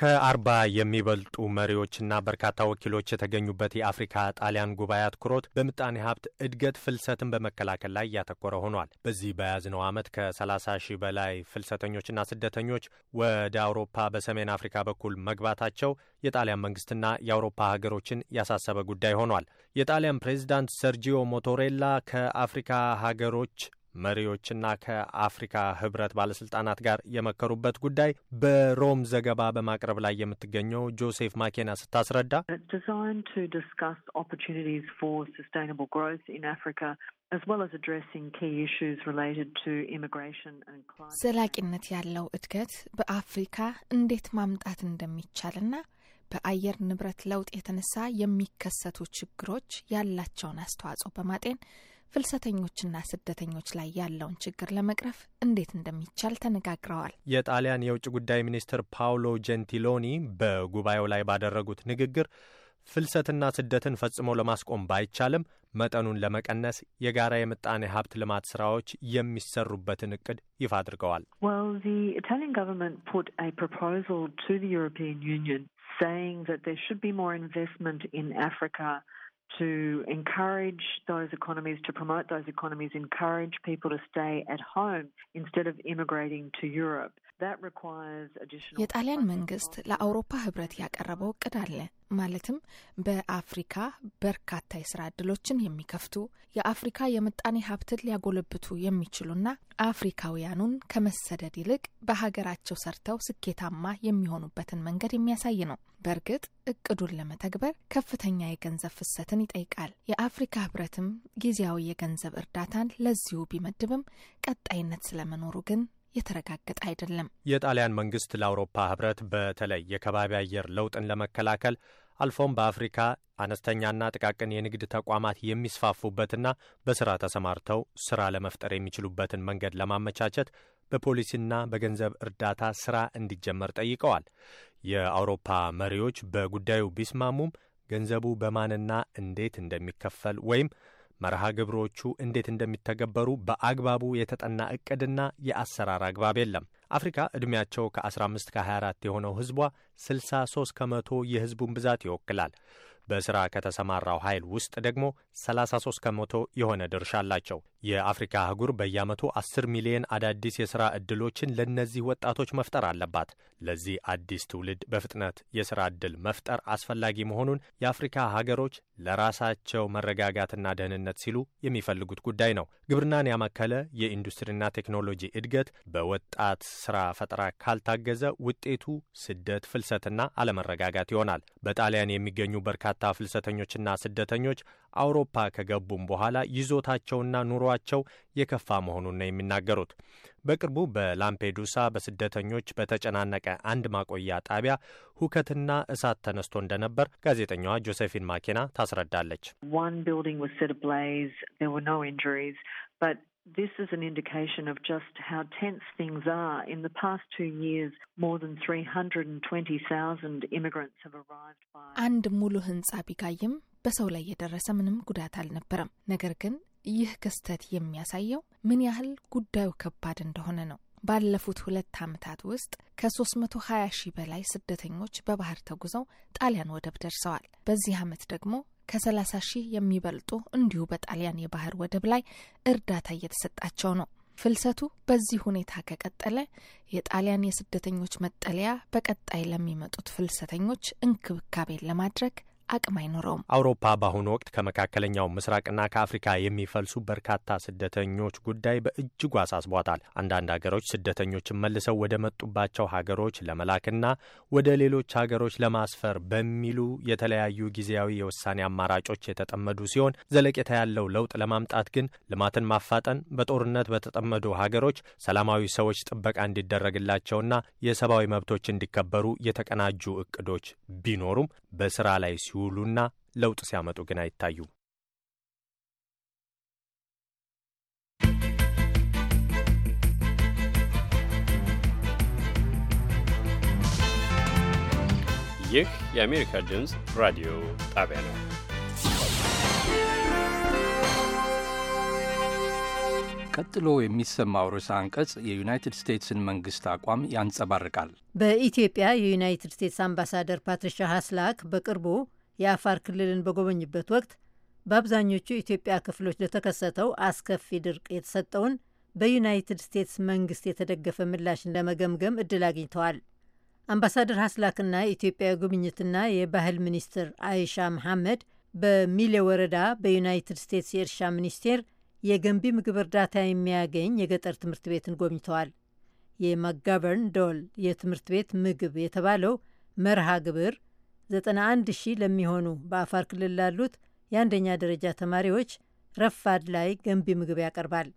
ከአርባ የሚበልጡ መሪዎችና በርካታ ወኪሎች የተገኙበት የአፍሪካ ጣሊያን ጉባኤ አትኩሮት በምጣኔ ሀብት እድገት ፍልሰትን በመከላከል ላይ እያተኮረ ሆኗል። በዚህ በያዝነው ዓመት ከ30 ሺህ በላይ ፍልሰተኞችና ስደተኞች ወደ አውሮፓ በሰሜን አፍሪካ በኩል መግባታቸው የጣሊያን መንግስትና የአውሮፓ ሀገሮችን ያሳሰበ ጉዳይ ሆኗል። የጣሊያን ፕሬዚዳንት ሰርጂዮ ሞቶሬላ ከአፍሪካ ሀገሮች መሪዎችና ከአፍሪካ ህብረት ባለስልጣናት ጋር የመከሩበት ጉዳይ በሮም ዘገባ በማቅረብ ላይ የምትገኘው ጆሴፍ ማኬና ስታስረዳ ዘላቂነት ያለው እድገት በአፍሪካ እንዴት ማምጣት እንደሚቻልና በአየር ንብረት ለውጥ የተነሳ የሚከሰቱ ችግሮች ያላቸውን አስተዋጽኦ በማጤን ፍልሰተኞችና ስደተኞች ላይ ያለውን ችግር ለመቅረፍ እንዴት እንደሚቻል ተነጋግረዋል። የጣሊያን የውጭ ጉዳይ ሚኒስትር ፓውሎ ጀንቲሎኒ በጉባኤው ላይ ባደረጉት ንግግር ፍልሰትና ስደትን ፈጽሞ ለማስቆም ባይቻልም መጠኑን ለመቀነስ የጋራ የምጣኔ ሀብት ልማት ስራዎች የሚሰሩበትን እቅድ ይፋ አድርገዋል። to encourage those economies, to promote those economies, encourage people to stay at home instead of immigrating to europe. የጣሊያን መንግስት ለአውሮፓ ህብረት ያቀረበው እቅድ አለ። ማለትም በአፍሪካ በርካታ የስራ እድሎችን የሚከፍቱ የአፍሪካ የምጣኔ ሀብትን ሊያጎለብቱ የሚችሉና አፍሪካውያኑን ከመሰደድ ይልቅ በሀገራቸው ሰርተው ስኬታማ የሚሆኑበትን መንገድ የሚያሳይ ነው። በእርግጥ እቅዱን ለመተግበር ከፍተኛ የገንዘብ ፍሰትን ይጠይቃል። የአፍሪካ ህብረትም ጊዜያዊ የገንዘብ እርዳታን ለዚሁ ቢመድብም ቀጣይነት ስለመኖሩ ግን የተረጋገጠ አይደለም። የጣሊያን መንግስት ለአውሮፓ ህብረት በተለይ የከባቢ አየር ለውጥን ለመከላከል አልፎም በአፍሪካ አነስተኛና ጥቃቅን የንግድ ተቋማት የሚስፋፉበትና በስራ ተሰማርተው ስራ ለመፍጠር የሚችሉበትን መንገድ ለማመቻቸት በፖሊሲና በገንዘብ እርዳታ ስራ እንዲጀመር ጠይቀዋል። የአውሮፓ መሪዎች በጉዳዩ ቢስማሙም ገንዘቡ በማንና እንዴት እንደሚከፈል ወይም መርሃ ግብሮቹ እንዴት እንደሚተገበሩ በአግባቡ የተጠና እቅድና የአሰራር አግባብ የለም። አፍሪካ ዕድሜያቸው ከ15 ከ24 የሆነው ሕዝቧ 63 ከመቶ የሕዝቡን ብዛት ይወክላል። በሥራ ከተሰማራው ኃይል ውስጥ ደግሞ 33 ከመቶ የሆነ ድርሻ አላቸው። የአፍሪካ አህጉር በየዓመቱ 10 ሚሊዮን አዳዲስ የሥራ ዕድሎችን ለእነዚህ ወጣቶች መፍጠር አለባት። ለዚህ አዲስ ትውልድ በፍጥነት የሥራ ዕድል መፍጠር አስፈላጊ መሆኑን የአፍሪካ ሀገሮች ለራሳቸው መረጋጋትና ደህንነት ሲሉ የሚፈልጉት ጉዳይ ነው። ግብርናን ያማከለ የኢንዱስትሪና ቴክኖሎጂ እድገት በወጣት ሥራ ፈጠራ ካልታገዘ ውጤቱ ስደት፣ ፍልሰትና አለመረጋጋት ይሆናል። በጣሊያን የሚገኙ በርካታ ፍልሰተኞችና ስደተኞች አውሮፓ ከገቡም በኋላ ይዞታቸውና ኑሮ ኑሯቸው የከፋ መሆኑን ነው የሚናገሩት። በቅርቡ በላምፔዱሳ በስደተኞች በተጨናነቀ አንድ ማቆያ ጣቢያ ሁከትና እሳት ተነስቶ እንደነበር ጋዜጠኛዋ ጆሴፊን ማኬና ታስረዳለች። This is an indication of just how tense things are. In the past two years, more than 320,000 immigrants have arrived by... And ሙሉ ህንጻ ቢጋይም በሰው ላይ የደረሰ ምንም ጉዳት አልነበረም። ነገር ይህ ክስተት የሚያሳየው ምን ያህል ጉዳዩ ከባድ እንደሆነ ነው። ባለፉት ሁለት ዓመታት ውስጥ ከ320 ሺህ በላይ ስደተኞች በባህር ተጉዘው ጣሊያን ወደብ ደርሰዋል። በዚህ ዓመት ደግሞ ከ30 ሺህ የሚበልጡ እንዲሁ በጣሊያን የባህር ወደብ ላይ እርዳታ እየተሰጣቸው ነው። ፍልሰቱ በዚህ ሁኔታ ከቀጠለ የጣሊያን የስደተኞች መጠለያ በቀጣይ ለሚመጡት ፍልሰተኞች እንክብካቤን ለማድረግ አቅም አይኖረውም። አውሮፓ በአሁኑ ወቅት ከመካከለኛው ምስራቅና ከአፍሪካ የሚፈልሱ በርካታ ስደተኞች ጉዳይ በእጅጉ አሳስቧታል። አንዳንድ ሀገሮች ስደተኞችን መልሰው ወደ መጡባቸው ሀገሮች ለመላክና ወደ ሌሎች ሀገሮች ለማስፈር በሚሉ የተለያዩ ጊዜያዊ የውሳኔ አማራጮች የተጠመዱ ሲሆን ዘለቄታ ያለው ለውጥ ለማምጣት ግን ልማትን ማፋጠን፣ በጦርነት በተጠመዱ ሀገሮች ሰላማዊ ሰዎች ጥበቃ እንዲደረግላቸውና የሰብአዊ መብቶች እንዲከበሩ የተቀናጁ እቅዶች ቢኖሩም በስራ ላይ ሲው ሲውሉና ለውጥ ሲያመጡ ግን አይታዩም። ይህ የአሜሪካ ድምፅ ራዲዮ ጣቢያ ነው። ቀጥሎ የሚሰማው ርዕሰ አንቀጽ የዩናይትድ ስቴትስን መንግስት አቋም ያንጸባርቃል። በኢትዮጵያ የዩናይትድ ስቴትስ አምባሳደር ፓትሪሻ ሀስላክ በቅርቡ የአፋር ክልልን በጎበኝበት ወቅት በአብዛኞቹ የኢትዮጵያ ክፍሎች ለተከሰተው አስከፊ ድርቅ የተሰጠውን በዩናይትድ ስቴትስ መንግስት የተደገፈ ምላሽን ለመገምገም እድል አግኝተዋል። አምባሳደር ሀስላክና የኢትዮጵያ ጉብኝትና የባህል ሚኒስትር አይሻ መሐመድ በሚሌ ወረዳ በዩናይትድ ስቴትስ የእርሻ ሚኒስቴር የገንቢ ምግብ እርዳታ የሚያገኝ የገጠር ትምህርት ቤትን ጎብኝተዋል። የማጋቨርን ዶል የትምህርት ቤት ምግብ የተባለው መርሃ ግብር 91 ሺህ ለሚሆኑ በአፋር ክልል ላሉት የአንደኛ ደረጃ ተማሪዎች ረፋድ ላይ ገንቢ ምግብ ያቀርባል።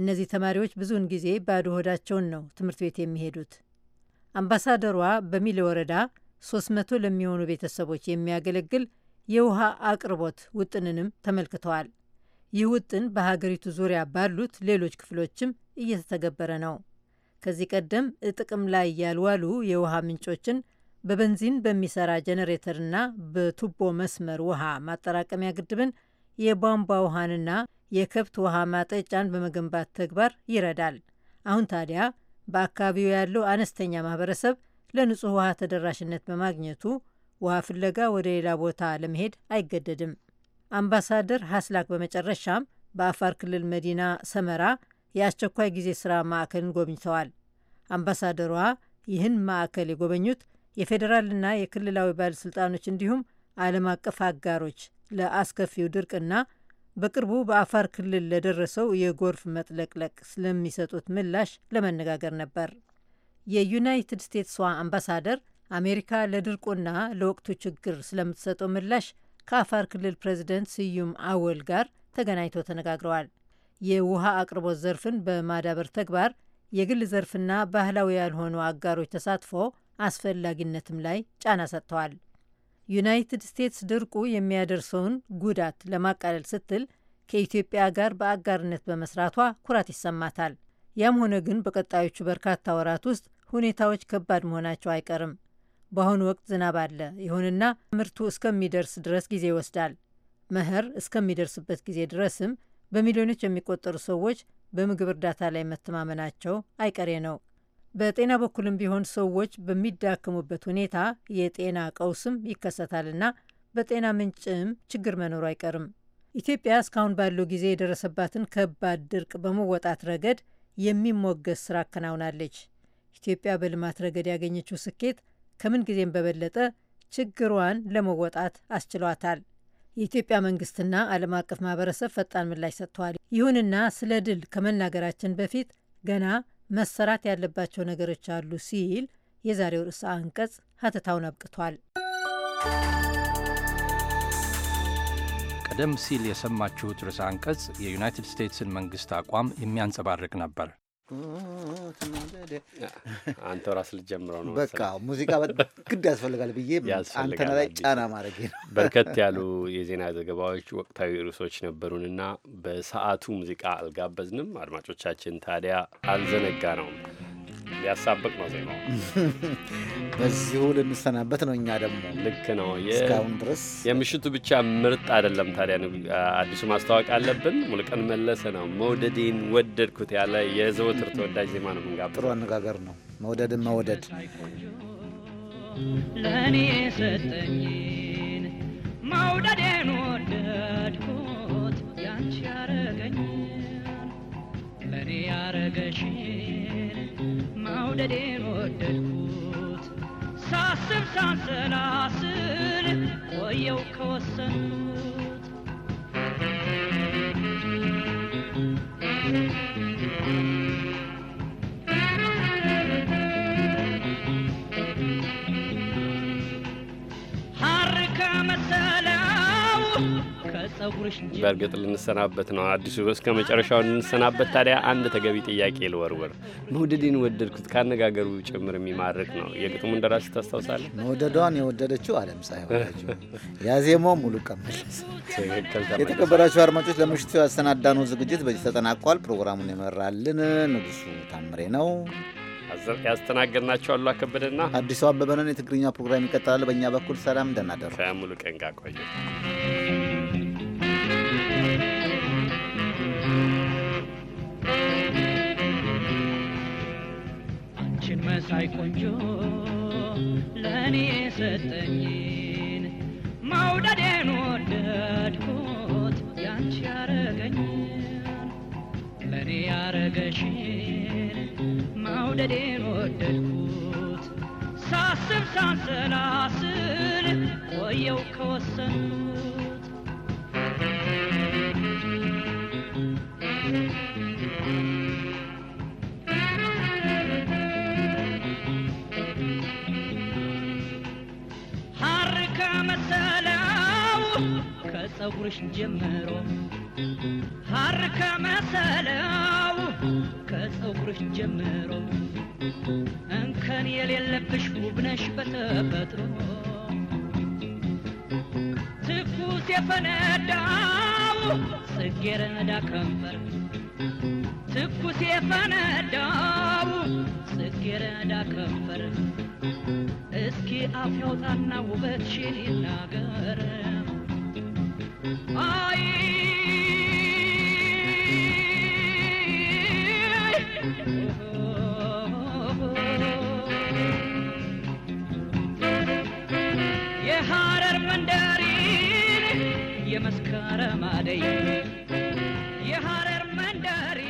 እነዚህ ተማሪዎች ብዙውን ጊዜ ባዶ ሆዳቸውን ነው ትምህርት ቤት የሚሄዱት። አምባሳደሯ በሚሌ ወረዳ 300 ለሚሆኑ ቤተሰቦች የሚያገለግል የውሃ አቅርቦት ውጥንንም ተመልክተዋል። ይህ ውጥን በሀገሪቱ ዙሪያ ባሉት ሌሎች ክፍሎችም እየተተገበረ ነው። ከዚህ ቀደም ጥቅም ላይ ያልዋሉ የውሃ ምንጮችን በበንዚን በሚሰራ ጀኔሬተርና በቱቦ መስመር ውሃ ማጠራቀሚያ ግድብን የቧንቧ ውሃንና የከብት ውሃ ማጠጫን በመገንባት ተግባር ይረዳል። አሁን ታዲያ በአካባቢው ያለው አነስተኛ ማህበረሰብ ለንጹህ ውሃ ተደራሽነት በማግኘቱ ውሃ ፍለጋ ወደ ሌላ ቦታ ለመሄድ አይገደድም። አምባሳደር ሀስላክ በመጨረሻም በአፋር ክልል መዲና ሰመራ የአስቸኳይ ጊዜ ስራ ማዕከልን ጎብኝተዋል። አምባሳደሯ ይህን ማዕከል የጎበኙት የፌዴራልና የክልላዊ ባለሥልጣኖች እንዲሁም ዓለም አቀፍ አጋሮች ለአስከፊው ድርቅና በቅርቡ በአፋር ክልል ለደረሰው የጎርፍ መጥለቅለቅ ስለሚሰጡት ምላሽ ለመነጋገር ነበር። የዩናይትድ ስቴትስ አምባሳደር አሜሪካ ለድርቁና ለወቅቱ ችግር ስለምትሰጠው ምላሽ ከአፋር ክልል ፕሬዚደንት ስዩም አወል ጋር ተገናኝተው ተነጋግረዋል። የውሃ አቅርቦት ዘርፍን በማዳበር ተግባር የግል ዘርፍና ባህላዊ ያልሆኑ አጋሮች ተሳትፎ አስፈላጊነትም ላይ ጫና ሰጥተዋል። ዩናይትድ ስቴትስ ድርቁ የሚያደርሰውን ጉዳት ለማቃለል ስትል ከኢትዮጵያ ጋር በአጋርነት በመስራቷ ኩራት ይሰማታል። ያም ሆነ ግን በቀጣዮቹ በርካታ ወራት ውስጥ ሁኔታዎች ከባድ መሆናቸው አይቀርም። በአሁኑ ወቅት ዝናብ አለ። ይሁንና ምርቱ እስከሚደርስ ድረስ ጊዜ ይወስዳል። መኸር እስከሚደርስበት ጊዜ ድረስም በሚሊዮኖች የሚቆጠሩ ሰዎች በምግብ እርዳታ ላይ መተማመናቸው አይቀሬ ነው። በጤና በኩልም ቢሆን ሰዎች በሚዳከሙበት ሁኔታ የጤና ቀውስም ይከሰታልና በጤና ምንጭም ችግር መኖሩ አይቀርም። ኢትዮጵያ እስካሁን ባለው ጊዜ የደረሰባትን ከባድ ድርቅ በመወጣት ረገድ የሚሞገስ ስራ አከናውናለች። ኢትዮጵያ በልማት ረገድ ያገኘችው ስኬት ከምን ጊዜም በበለጠ ችግሯን ለመወጣት አስችሏታል። የኢትዮጵያ መንግስትና ዓለም አቀፍ ማህበረሰብ ፈጣን ምላሽ ሰጥተዋል። ይሁንና ስለ ድል ከመናገራችን በፊት ገና መሰራት ያለባቸው ነገሮች አሉ ሲል የዛሬው ርዕሰ አንቀጽ ሀተታውን አብቅቷል። ቀደም ሲል የሰማችሁት ርዕሰ አንቀጽ የዩናይትድ ስቴትስን መንግስት አቋም የሚያንጸባርቅ ነበር። አንተ ራስ ልጀምረው ነው። በቃ ሙዚቃ ግድ ያስፈልጋል ብዬ *laughs* አንተና ላይ ጫና ማድረግ ነው። *laughs* በርከት ያሉ የዜና ዘገባዎች፣ ወቅታዊ ርዕሶች ነበሩንና በሰዓቱ ሙዚቃ አልጋበዝንም። አድማጮቻችን ታዲያ አልዘነጋ ነው ሊያሳብቅ ነው ዜማው። *laughs* በዚሁ ልንሰናበት ነው። እኛ ደግሞ ልክ ነው። እስካሁን ድረስ የምሽቱ ብቻ ምርጥ አይደለም። ታዲያ አዲሱ ማስታወቅ አለብን። ሙልቀን መለሰ ነው መውደዴን ወደድኩት ያለ የዘወትር ተወዳጅ ዜማ ነው። ምንጋ ጥሩ አነጋገር ነው። መውደድን መውደድ ለእኔ የሰጠኝን መውደዴን ወደድኩት ያንቺ ያረገኝን ለእኔ ያረገሽን መውደዴን ወደድኩት ሳስብ ሳንሰላስል ቆየው ከወሰንኩት Thank you. ጸጉርሽ በእርግጥ ልንሰናበት ነው አዲሱ፣ እስከ መጨረሻው ልንሰናበት። ታዲያ አንድ ተገቢ ጥያቄ ልወርወር። መውደዴን ወደድኩት ካነጋገሩ ጭምር የሚማርክ ነው። የግጥሙ ደራሲ ታስታውሳለህ? መውደዷን የወደደችው አለም ፀሐይ ያዜሞ ሙሉ ቀመል። የተከበራችሁ አድማጮች ለምሽቱ ያሰናዳነው ዝግጅት በዚህ ተጠናቋል። ፕሮግራሙን የመራልን ንጉሱ ታምሬ ነው። ያስተናገድናቸው አሉ አከበደና አዲሱ አበበነን። የትግርኛ ፕሮግራም ይቀጥላል። በእኛ በኩል ሰላም፣ ደህና ደሩ። ከሙሉ ቀን ጋር ሳይ ቆንጆ ለእኔ ሰጠኝን መውደዴን ወደድኩት ያንቺ ያረገኝን ለእኔ ያረገሽን መውደዴን ወደድኩት ሳስብ ሳንሰላስል ቆየው ከወሰንኩት ከጸጉርሽ ጀምሮ ሀር ከመሰለው ከጸጉርሽ ጀምሮ እንከን የሌለብሽ ውብነሽ በተፈጥሮ ትኩስ የፈነዳው ጽጌረዳ ከንፈር ትኩስ የፈነዳው ጽጌረዳ ከንፈር እስኪ አፍ ያውጣና ውበትሽን ይናገር የሐረር መንደሪ የመስከረም አደይ የሐረር መንደሪ